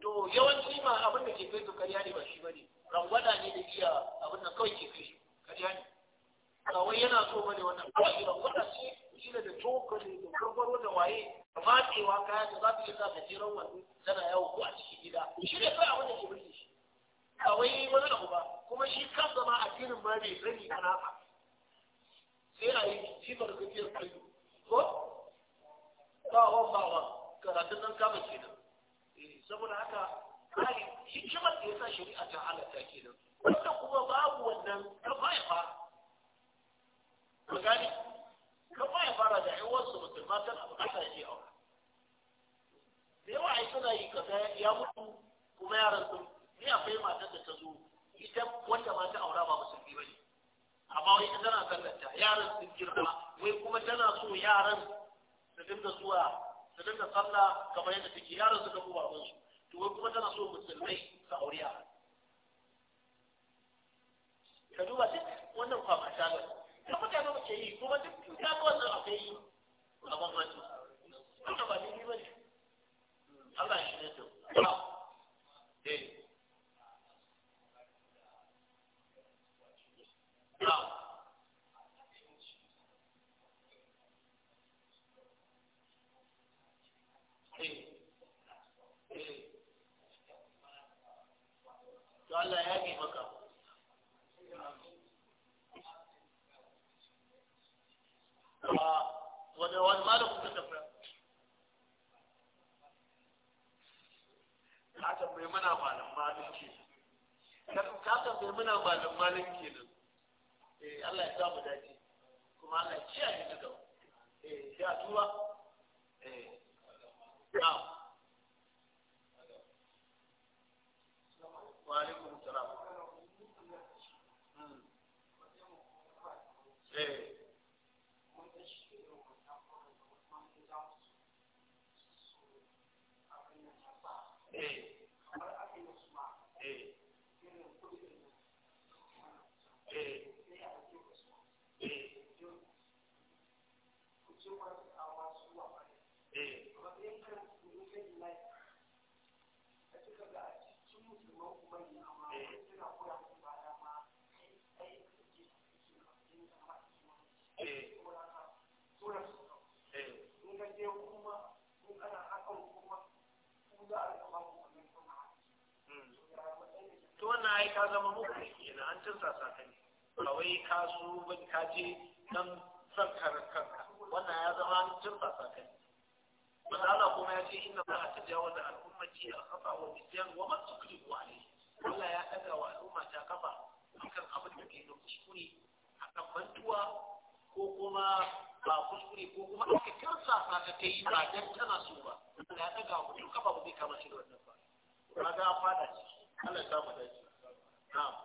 to yawanci ma abin da ke kai su karya ne ba shi ba ne rangwada ne da iya abin da kawai ke kai shi karya ne kawai yana so ba ne wannan kawai rangwada ce shi da cokali da karfaro da waye da matsewa kaya da za su iya sa gajeren wando tana yawo ko a cikin gida shi ne kawai abin da ke mulki shi kawai wani abu ba kuma shi kansa ma addinin ma bai sani a nasa sai a yi kimar gajiyar kwayo ko ba wan ba wan karatun nan kama kenan eh, saboda haka shi hikimar da ya sa shari'a ta halatta kenan wanda kuma babu wannan ta baya fa magani ka baya fara da yan wasu musulma tana bukata ya je aure da yawa ai suna yi kaza ya mutu kuma yaran sun ni akwai matan da ta zo ita wanda ba ta aura ba musulmi ba ne amma wai ita tana sallanta yaran sun girma wai kuma tana so yaran su dinga zuwa su dinga sallah kamar yadda take yaran su ga su to wai kuma tana so musulmai su aure yaran ka duba duk wannan ba ta da mutane muke yi kuma duk ta ga wannan abin yi a bambanci wannan ba daidai ba ne Allah shi ne ta ba. Eh. to Allah ya yi maka ah, wanda wani malam kuka tambaya ka tambayi mana malam malam ke ka tambayi mana malam malam ke nan eh Allah ya samu dace kuma Allah ya ci a yi daga eh sai a tura eh na'am wa aleykum salaam. Hmm. Eh. yi ka zama mukri kenan an tursa saka ne ba wai ka su ban ka je dan san kanka wannan ya zama an tursa sakani. ne Allah kuma ya ce inna ma tajawaza al ummati a kafa wa nisyan wa kuli tukrihu ne Allah ya daga wa al'umma ta kafa akan abin da ke kuskure kan mantuwa ko kuma ba kuskure ko kuma aka kirsa ta ta yi ba don tana so ba Allah ya daga wa mutum kafa ba zai kama shi da wannan ba ga fada ciki Allah ya samu dace Eh. Eh. Eh.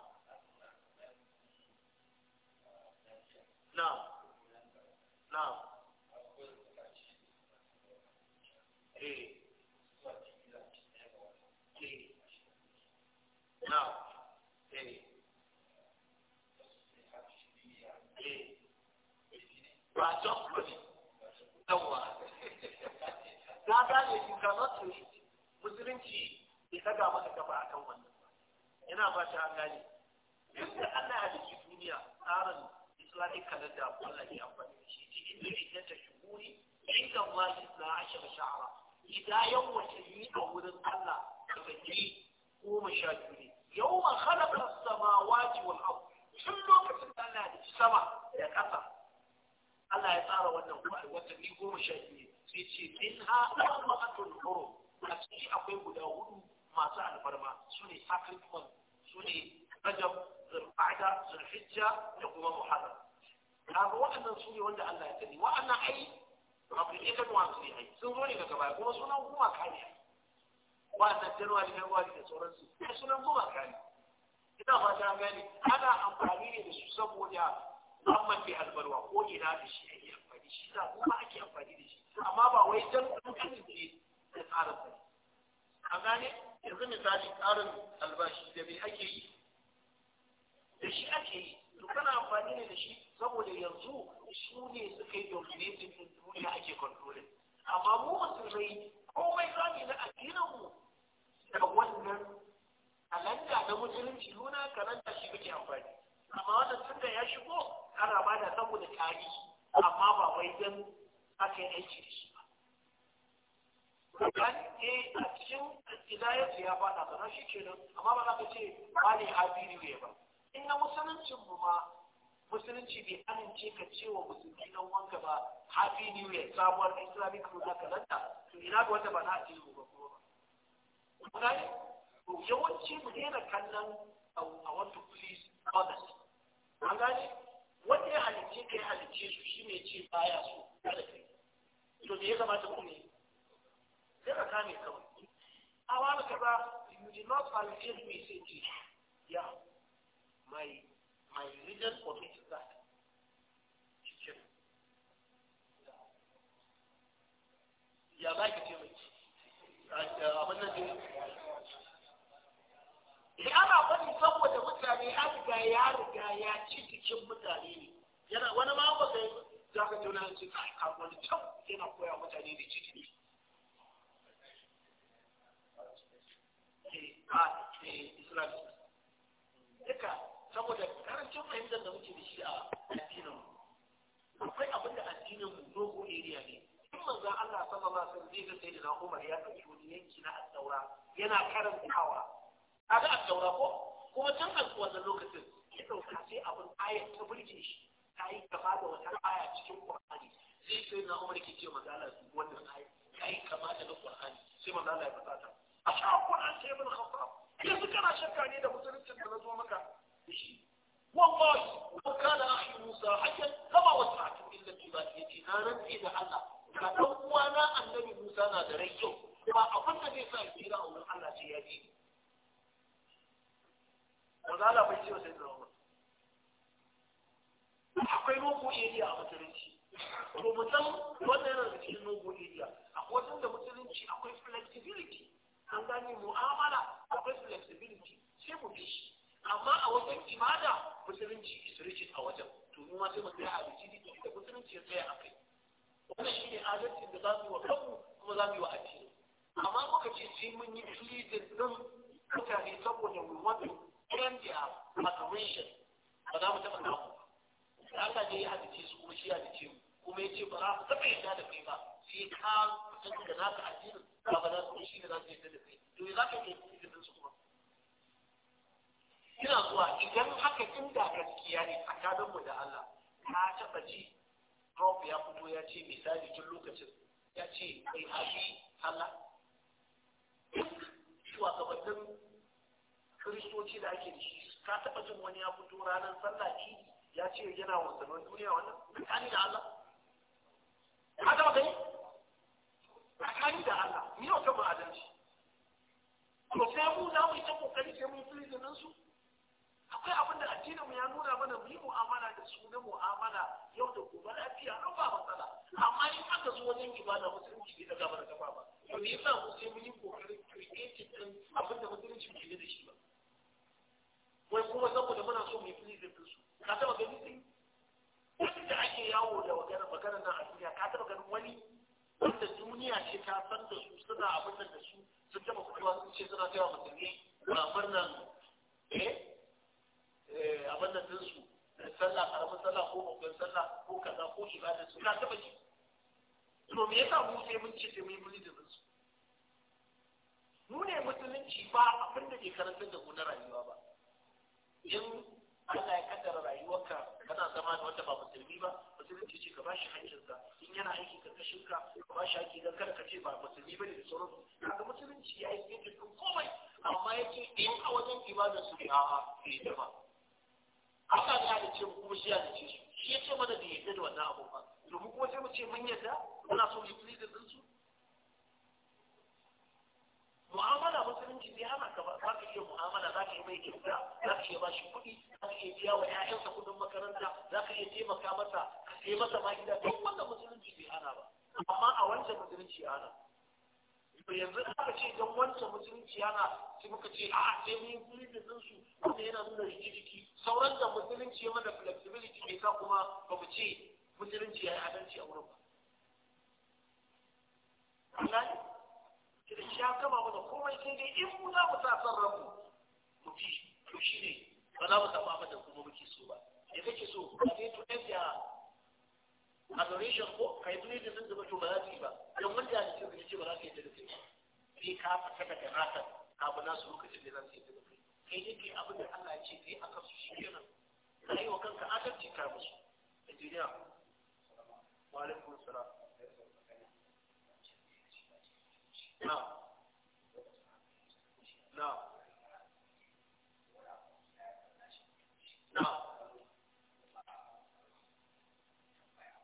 ba na gane shi kamar musulunci ya daga maka kafa akan wannan ina ba ta gane yadda Allah ya halicci duniya tsarin islamic calendar Allah ya amfani da shi cikin idan ta shuhuri inda ma isla ashar sha'ara hidayen watanni a wurin Allah da baki goma sha biyu ne yau ma khalaqa samawati wal ard tun lokacin da Allah ya sama da ƙasa Allah ya tsara wannan watanni goma sha biyu sai ce min ha arba'atul hurum a ciki akwai guda hudu masu alfarma su ne sacred month su ne rajab zulqa'da zulhijja da kuma muharram kaga waɗannan su ne wanda Allah ya sani waɗannan ai application one ne ai sun zo ne daga baya kuma sunan gumaka ne waɗannan januwari february da sauransu sunan gumaka ne ina ba ta gane ana amfani ne da su saboda amman bai albarwa ko ina da shi ake amfani shi na kuma ake amfani da shi amma ba wai jan ɗan da tsarin ba a yanzu misali ƙarin albashi da me ake yi da shi ake yi to kana amfani ne da shi saboda yanzu su ne suka yi dominating din duniya ake controlling amma mu musulmai komai zamu na addinin mu da wannan kalanda na musulunci nuna kalanda shi muke amfani amma wannan da ya shigo ana da saboda tarihi amma ba wai dan aka yi aiki da shi e a cikin idayarsa ya fada shi kenan amma ba ka ce ba hafi ba in na mu ma musulunci bai amince ka nan wanka ba happy new year sabuwar islamic to ina ba na ajiyu ba kuma ba kuna yawanci mu daina kallon a wanda ya halicce ka yi halicce su shi ne ce baya so kada kai to me ya kamata ku yi. kaza kawai a wani kaza you did not validate me sai ce ya my my religion permits that cikin ya za ki ce mai abin nan ne da ana faɗi saboda mutane ya riga ya riga ya ci jikin mutane ne yana wani ma ba kai za ka tuna ce kai can yana koya mutane da ciki ne. a eh, islamist duka saboda karancin fahimtar da muke da shi a addinin akwai abin da addinin mu dogo area ne in manzo Allah sallallahu alaihi wasallam zai ga sayyidina Umar ya dauki wani yanki na al-daura yana karantawa kaga al-daura ko kuma can a wannan lokacin ya dauka sai abin aya ta burge shi ta yi kama da wata aya cikin Qur'ani sai sayyidina Umar ke ce manzo Allah wannan ayat ta yi kama da Qur'ani sai manzo Allah ya fata a shakun an sai min khattab yanzu kana shakka ne da musuluncin da na zo maka da shi wallahi ko da akhi Musa hayyan kama wasa'atu illa bi ba ta yace na rantsi da Allah ka dan uwana annabi Musa na da rai yau ba abin da zai sa ya kira a wurin Allah sai ya ji wanda Allah bai ce wa sai zama akwai mugu iriya a musulunci to mutum wannan yana da cikin mugu iriya akwai da musulunci akwai flexibility an gane mu'amala akwai flexibility sai mu bi shi amma a wajen ibada musulunci is rigid a wajen to mu ma sai mu tsaya a rigidi da musulunci ya tsaya a kai wannan shine adalcin da za mu yi wa kanmu kuma za mu yi wa addini amma muka ce sai mun yi pleasing din mutane saboda mu wani end their adoration ba za mu taɓa namu ba Allah ne ya halice su kuma shi ya halice mu kuma ya ce ba za mu taɓa yarda da kai ba sai ka musulunci da addinin ba ba za shi ne za su yi kai to za kuma ina zuwa idan haka inda gaskiya ne tsakaninmu da Allah ka taɓa ji Trump ya fito ya ce ya ce Allah da ake shi ka taɓa jin wani ya fito ranar sallah ya ce yana wasannin duniya wannan da Allah ka taɓa tsakani da Allah ni yau kan ma'adanci to sai mu za mu yi ta kokari sai mu yi filin su akwai abin da addinin ya nuna mana mu yi mu'amala da su na mu'amala yau da gobe lafiya an ba matsala amma in aka zo wajen ibada musulunci bai daga mana gaba ba to me yasa mu sai mun yi kokarin creative din abin da musulunci bai da shi ba wai kuma saboda muna so mu yi filin su ka taba gani sai da ake yawo da magana magana nan a duniya ka taba ganin wani wanda duniya ce ta san da su suna abin da su sun taba kuma sun ce suna kai wa musulmi ramar nan eh, eh abin da din su sallah karamin sallah ko babban sallah ko kaza ko da su na taba ji to me yasa mu sai mun ce sai mun yi da su mu ne musulunci ba abin da ke karantar da ku na rayuwa ba in Allah ya kaddara rayuwarka kana zama da wanda ba musulmi ba musulunci ce ka ba shi hankinsa in yana aiki karkashin ka ka ba shi haƙƙi don kada ka ce ba musulmi ba ne da sauran kaga musulunci ya yi fitin ɗin komai amma ya ce in a wajen ibada su ne a'a bai da ba Allah ya da ce kuma shi ya da ce su shi ya ce mana da yadda da wannan abu ba domin kuma sai mu ce mun yadda muna so mu yi ɗin su mu'amala musulunci bai hana ka ba za ka iya mu'amala za ka yi mai kyauta za ka iya bashi kuɗi za ka iya biya wa 'ya'yansa kuɗin makaranta za ka iya taimaka masa yi masa ma gida duk wanda musulunci bai hana ba amma a wancan musulunci hana to yanzu aka ce don wancan musulunci hana sai muka ce a sai mun yi sun su wanda yana nuna rigidity sauran da musulunci ya mana flexibility bai sa kuma ba mu ce musulunci ya yi adalci a wurin ba Allah ne da ya gama mana komai sai dai in mu za mu sa san rabu mu fi to shi ne ba za mu samu abin kuma muke so ba ya kake so ba dai to ɗan da adoration ko kai da din da to ba za su yi ba don wanda ya ce ce ba za su yi da kai sai ka fita daga nasa kafin nasu lokacin da za su yi da kai kai yake abin da Allah ya ce kai aka su shi kenan kai wa kanka adalci ka musu injiniya wa alaikum salam na na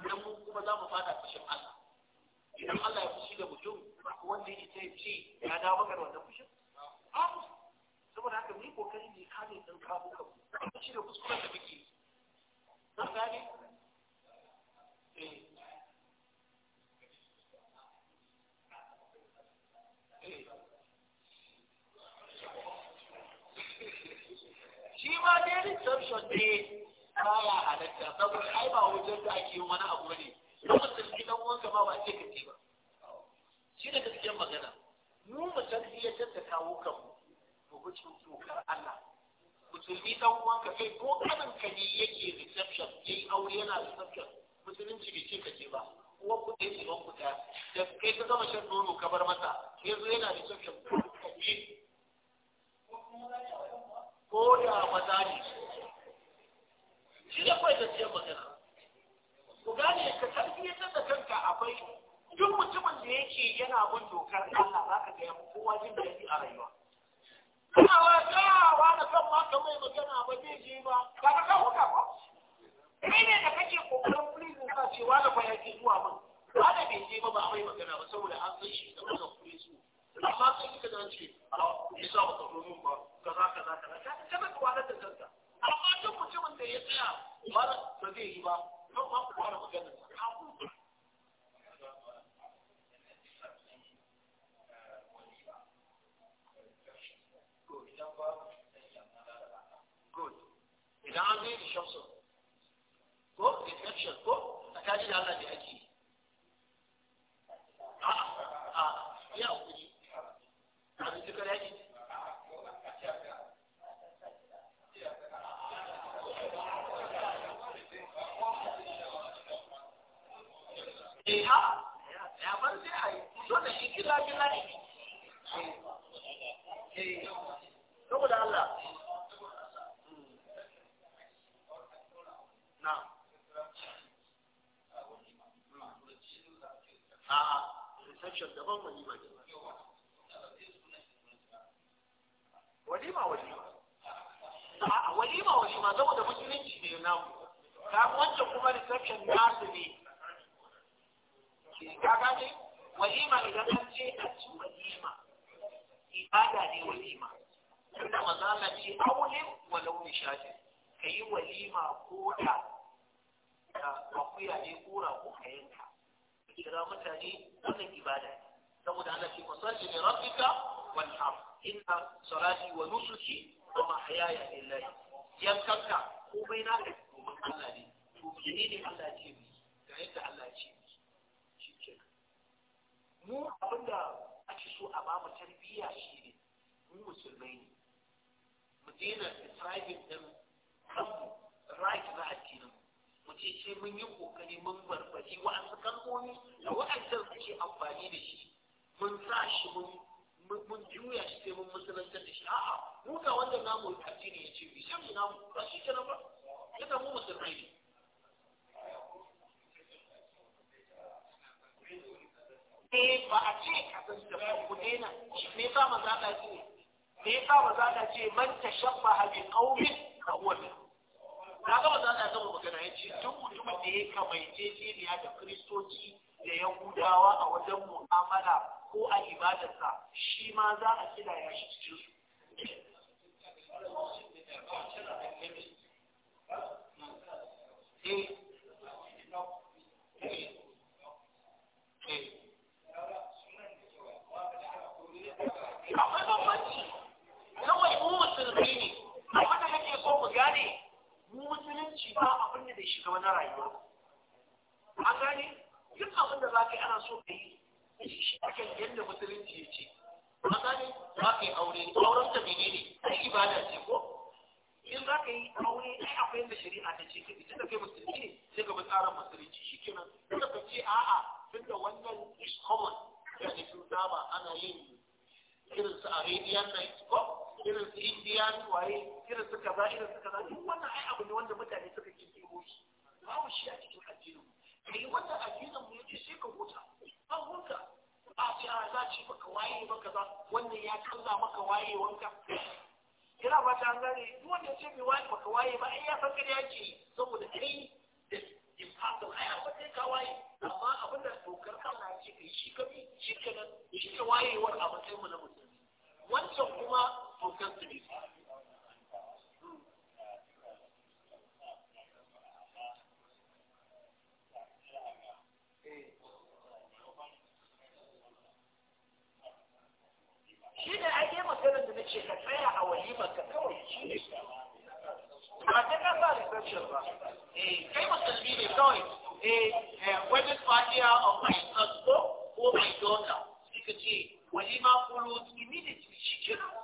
idan mu kuma za mu fada fushin Allah idan Allah ya fushi da mutum wanda yake sai ce ya dawo maka wannan fushin saboda haka mu yi kokari ne ne dan kawo ka kuma shi da kuskuren da muke san gane eh. eh shi ma dai reception ne baya halatta saboda ai ba wajen da ake yin wani abu ne lokacin gidan wanka ma ba ce ka ce ba shi da gaske magana mu mu tarbiyyatar da kawo kanmu to ku ci dokar Allah musulmi dan wanka kai ko kanin ka ne yake reception yayi aure yana reception musulunci bai ce ka ce ba uwan ku ɗaya uwan ku ɗaya da kai ka gama shan nono ka bar masa yanzu yana reception ko ka ko da maza ne shi ya kawai gaskiyar magana ku gane ka tarbiyyatar da kanka akwai duk mutumin da yake yana bin dokar Allah za ka ga ya kowa jin daɗi a rayuwa kana wa tsayawa da kan ma ka mai magana ba zai je ba ba ka kawo ka ba kai ne da kake kokarin prison ka ce da ba zuwa min ba da bai je ba ba mai magana ba saboda an san shi da kuka prison amma kai kika zance a isa ba ka zo ba kaza kaza kaza ka ka ka ka ka da ka amma duk mutumin da ya tsaya ba ba zai yi ba don ba ku fara magana idan an zai da shamsu ko infection ko a kaji da Allah ne ake a a ya ha ya bar sai a yi dole shi kila kila ne da Allah na a a reception daban wani ba ne walima a ne ta wancan kuma reception nasu ne ne ka gane walima idan an ce a ci walima ibada ne walima tunda maza Allah ce aulin walau nishadi ka yi walima ko da akuya ne kura ko ka yanka kira mutane wannan ibada ne saboda Allah ce musalli ne rabbika walham inna salati wa nusuki wa mahyaya lillahi yankanka komai na ka domin Allah ne to ne Allah ce ga yadda Allah ce mu abinda ake so a bamu tarbiyya shi ne mu musulmai ne mu da tsarin din kanmu right na addinin mu ce sai mun yi kokari mun barbaci wa'ansu kalmomi da wa'ansu suke amfani da shi mun sa shi mun mun juya shi sai mun musulantar da shi a'a mu ga wanda namu addini ya ce bi sai mu namu ba shi nan ba Yana mu musulmai ne eh ba a ce ka zanta ba ku daina me yasa manzo Allah ya ce me yasa manzo Allah ce man tashabbaha bi qaumin fa huwa min na ga manzo Allah zama magana ya ce duk mutumin da ya kamaice shi da kristoci da yahudawa a wajen mu'amala ko a ibadarsa shi ma za a kira ya shi cikin su eh. musulmai ne abin da nake so mu gane mu musulunci ba abin da bai shiga wani rayuwa A gane duk abin da za ka yi ana so ka yi shi akan yadda musulunci ya ce A gane za ka yi aure auren ta menene ai ibada ce ko in za ka yi aure ai akwai yadda shari'a ta ce kai tunda kai musulunci ne sai ka bi tsarin musulunci shi shikenan tunda ka ce a'a tunda wannan is common yana sun saba ana yin irin su arabian nights ko irin su indiya waye irin su kaza irin su kaza duk wannan ai abu ne wanda mutane suka kirkiro shi babu shi a cikin addinin kai wannan addinin mu yace sai ka huta ba huta ba sai a za ci baka waye ba kaza wannan ya kalla maka waye wanka ina ba ta gane duk wanda ya ce bai waye baka waye ba ai ya san kada yake saboda kai da imfasan ai a wata ka waye amma abin da dokar Allah ya ce kai shi ka bi shi ka nan shi ka wayewar a matsayin mu na mutum wancan kuma ko kan su shi ne maganar da nace ka tsaya a walimar ka kawai shi ne ba ta kasa reception ba eh kai musulmi ne kawai eh, eh wedding party of my husband or my daughter suka ce walima follows immediately shi kenan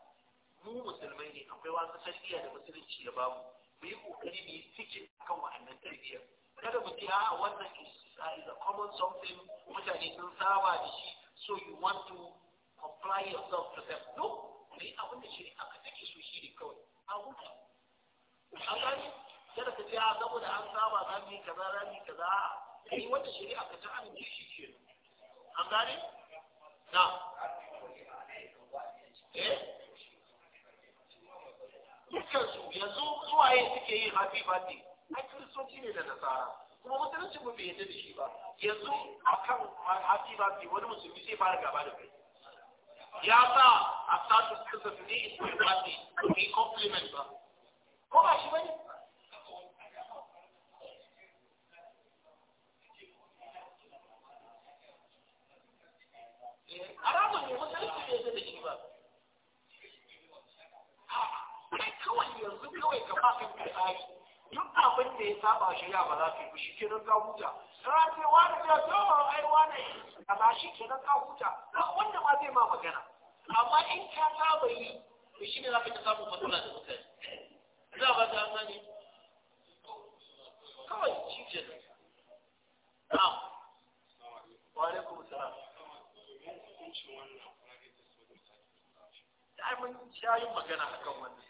mu musulmai ne akwai wasu tarbiyya da musulunci ya bamu mu yi kokari mu yi cikin kan wa'annan tarbiyyar kada mu ce a wannan uh, is a common something mutane sun saba da shi so you want to comply yourself to them no mu yi abin da shi aka take so shi ne kawai a huta a gani kada ka ce a saboda an saba za mu yi kaza za mu yi kaza a yi wata shari'a ka ta amince shi ke an gani na eh dukkansu yanzu zuwaye suke yin happy birthday ai kiristoci ne da nasara kuma musulunci mu bai yadda da shi ba yanzu akan happy birthday wani musulmi zai fara gaba da kai ya sa a status ɗinsa su ne is yi birthday bai compliment ba ko ba shi bane eh, haramun kafin kai ayi duk abin da ya saba shari'a ba za ka yi shi kenan ka huta sai ce wani da to ai wani kaza shi kenan ka huta wanda ma zai ma magana amma in ka saba yi to shi ne za ka ta samu matsala da mutane za ba ta gane kawai shi kenan na'am wa alaikum salam da ai mun yi magana akan wannan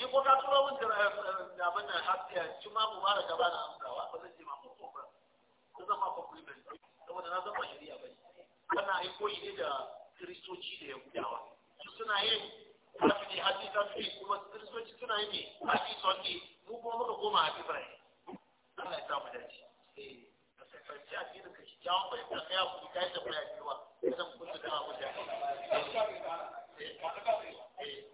ni ko ka tura mun eh, eh, da abin da hafiya shi ma mubaraka ba na a ba zan ce ma ko ba zan ma compliment saboda na zama shari'a koyi ne da kristoci da yahudawa suna yin hafi ne hafi kuma kristoci suna yi ne hafi sunday mu kuma muka koma hafi friday Allah ya samu dace eh a sakaice a cikin kashi jawon bai ta kai ku kai da bayani wa zan kunta da abu da eh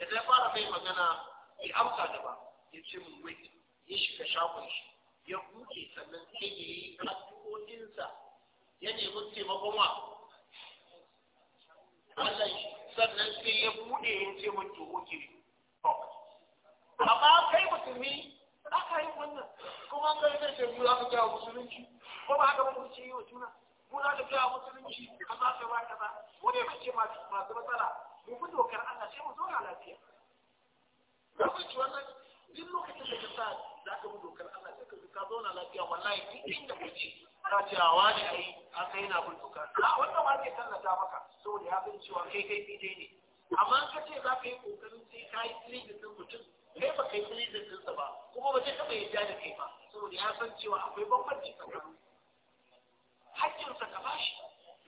da ta fara mai magana ya amsa da ba ya ce mun wait ya shiga shagon shi ya buɗe sannan sai ya yi addu'o'insa ya nemi taimakon wa Allah shi sannan sai ya buɗe ya ce mun to oke amma kai musulmi aka yi wannan kuma an gari zai ce mu za ka jawo musulunci ko ba haka ba ku ce yi wa juna wallahi duk inda kake ana cewa wani ai an kai na gudu doka a wanda ma zai tallata maka saboda ya san cewa kai kai daidai ne amma ka ce za ka yi kokarin sai ka yi filizin ɗin mutum kai ba kai filizin ɗinsa ba kuma ba zai taɓa yadda da kai ba saboda ya san cewa akwai bambanci tsakanin sa ka bashi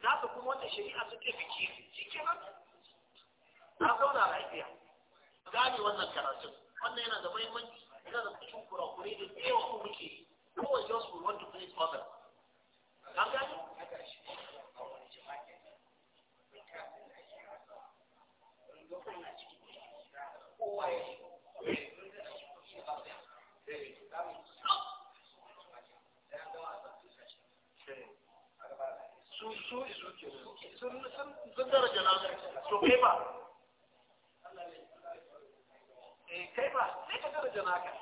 za ka kuma wanda shari'a ta taimake shi nan. na zauna lafiya gane wannan karatun wannan yana da mahimmanci yana da cikin kurakurai da tsewa yawa muke yi Who one just want to please so so so so so so so so so so so so so so so so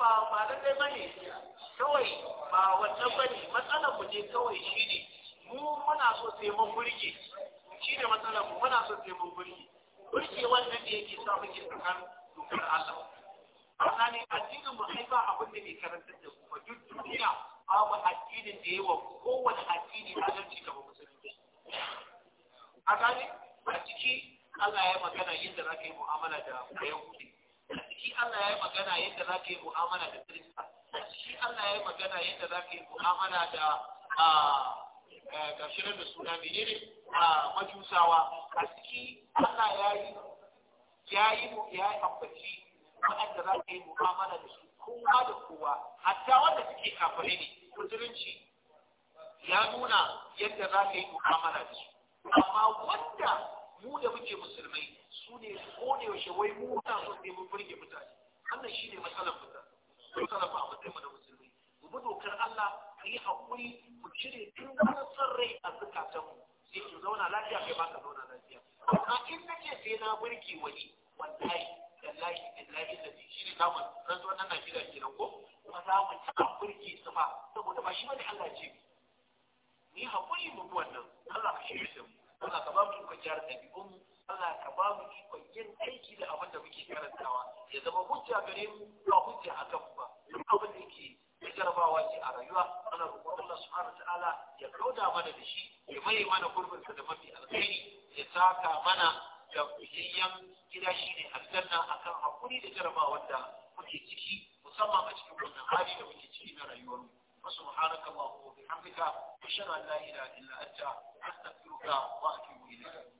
ba ba lallai bane kawai ba wannan bane matsalar mu ne kawai shine mu muna so sai mun burge matsalar mu muna so sai mun burge burge wannan da yake sa muke tsakanin dokar Allah amma ne addinin mu haifa abin da bai karanta da kuma duk duniya babu addinin da yawa kowane addini adalci kamar musulunci a gani a ciki Allah ya magana yadda za ka yi mu'amala da bayan kuɗi shi Allah ya yi magana yadda za ka yi mu'amala da Kirista shi Allah ya yi magana yadda za ka yi mu'amala da gashirar da suna ne a majusawa a ciki Allah ya yi ya yi ya yi ambaci waɗanda za ka yi mu'amala da su kowa da kowa hatta wanda suke kafare ne musulunci ya nuna yadda za ka yi mu'amala da su amma wanda mu da muke musulmai su ne su da yaushe wai mu muna so sai mun burge mutane wannan shine matsalar mutane matsalar ba a matsayin mu na musulmi mu bi dokar Allah ka yi hakuri ku cire tun wani son rai a zukatan mu sai in zauna lafiya kai ba ka zauna lafiya amma in na ce sai na burge wani wallahi wallahi wallahi da shi ne zamu san wannan na gida kenan ko kuma za mu ta burge su ba saboda ba shi bane Allah ce ni hakuri mu bi wannan Allah ka shirye mu Allah ka ba mu kwanciyar ɗabi'un mu Allah ka ba mu ikon yin aiki da abin da muke karantawa ya zama hujja gare mu ba hujja a kan ba duk abin da ke ya jarabawa ce a rayuwa ana roƙon Allah subhanahu ta'ala ya kauda mana da shi ya mai mana gurbin da mafi alkhairi ya saka mana da biyayyen gida shi ne aljanna akan hakuri da jarabawar da muke ciki musamman a cikin wannan hali da muke ciki na rayuwar mu وسبحانك اللهم وبحمدك أشهد أن لا إله إلا أنت أستغفرك وأتوب إليك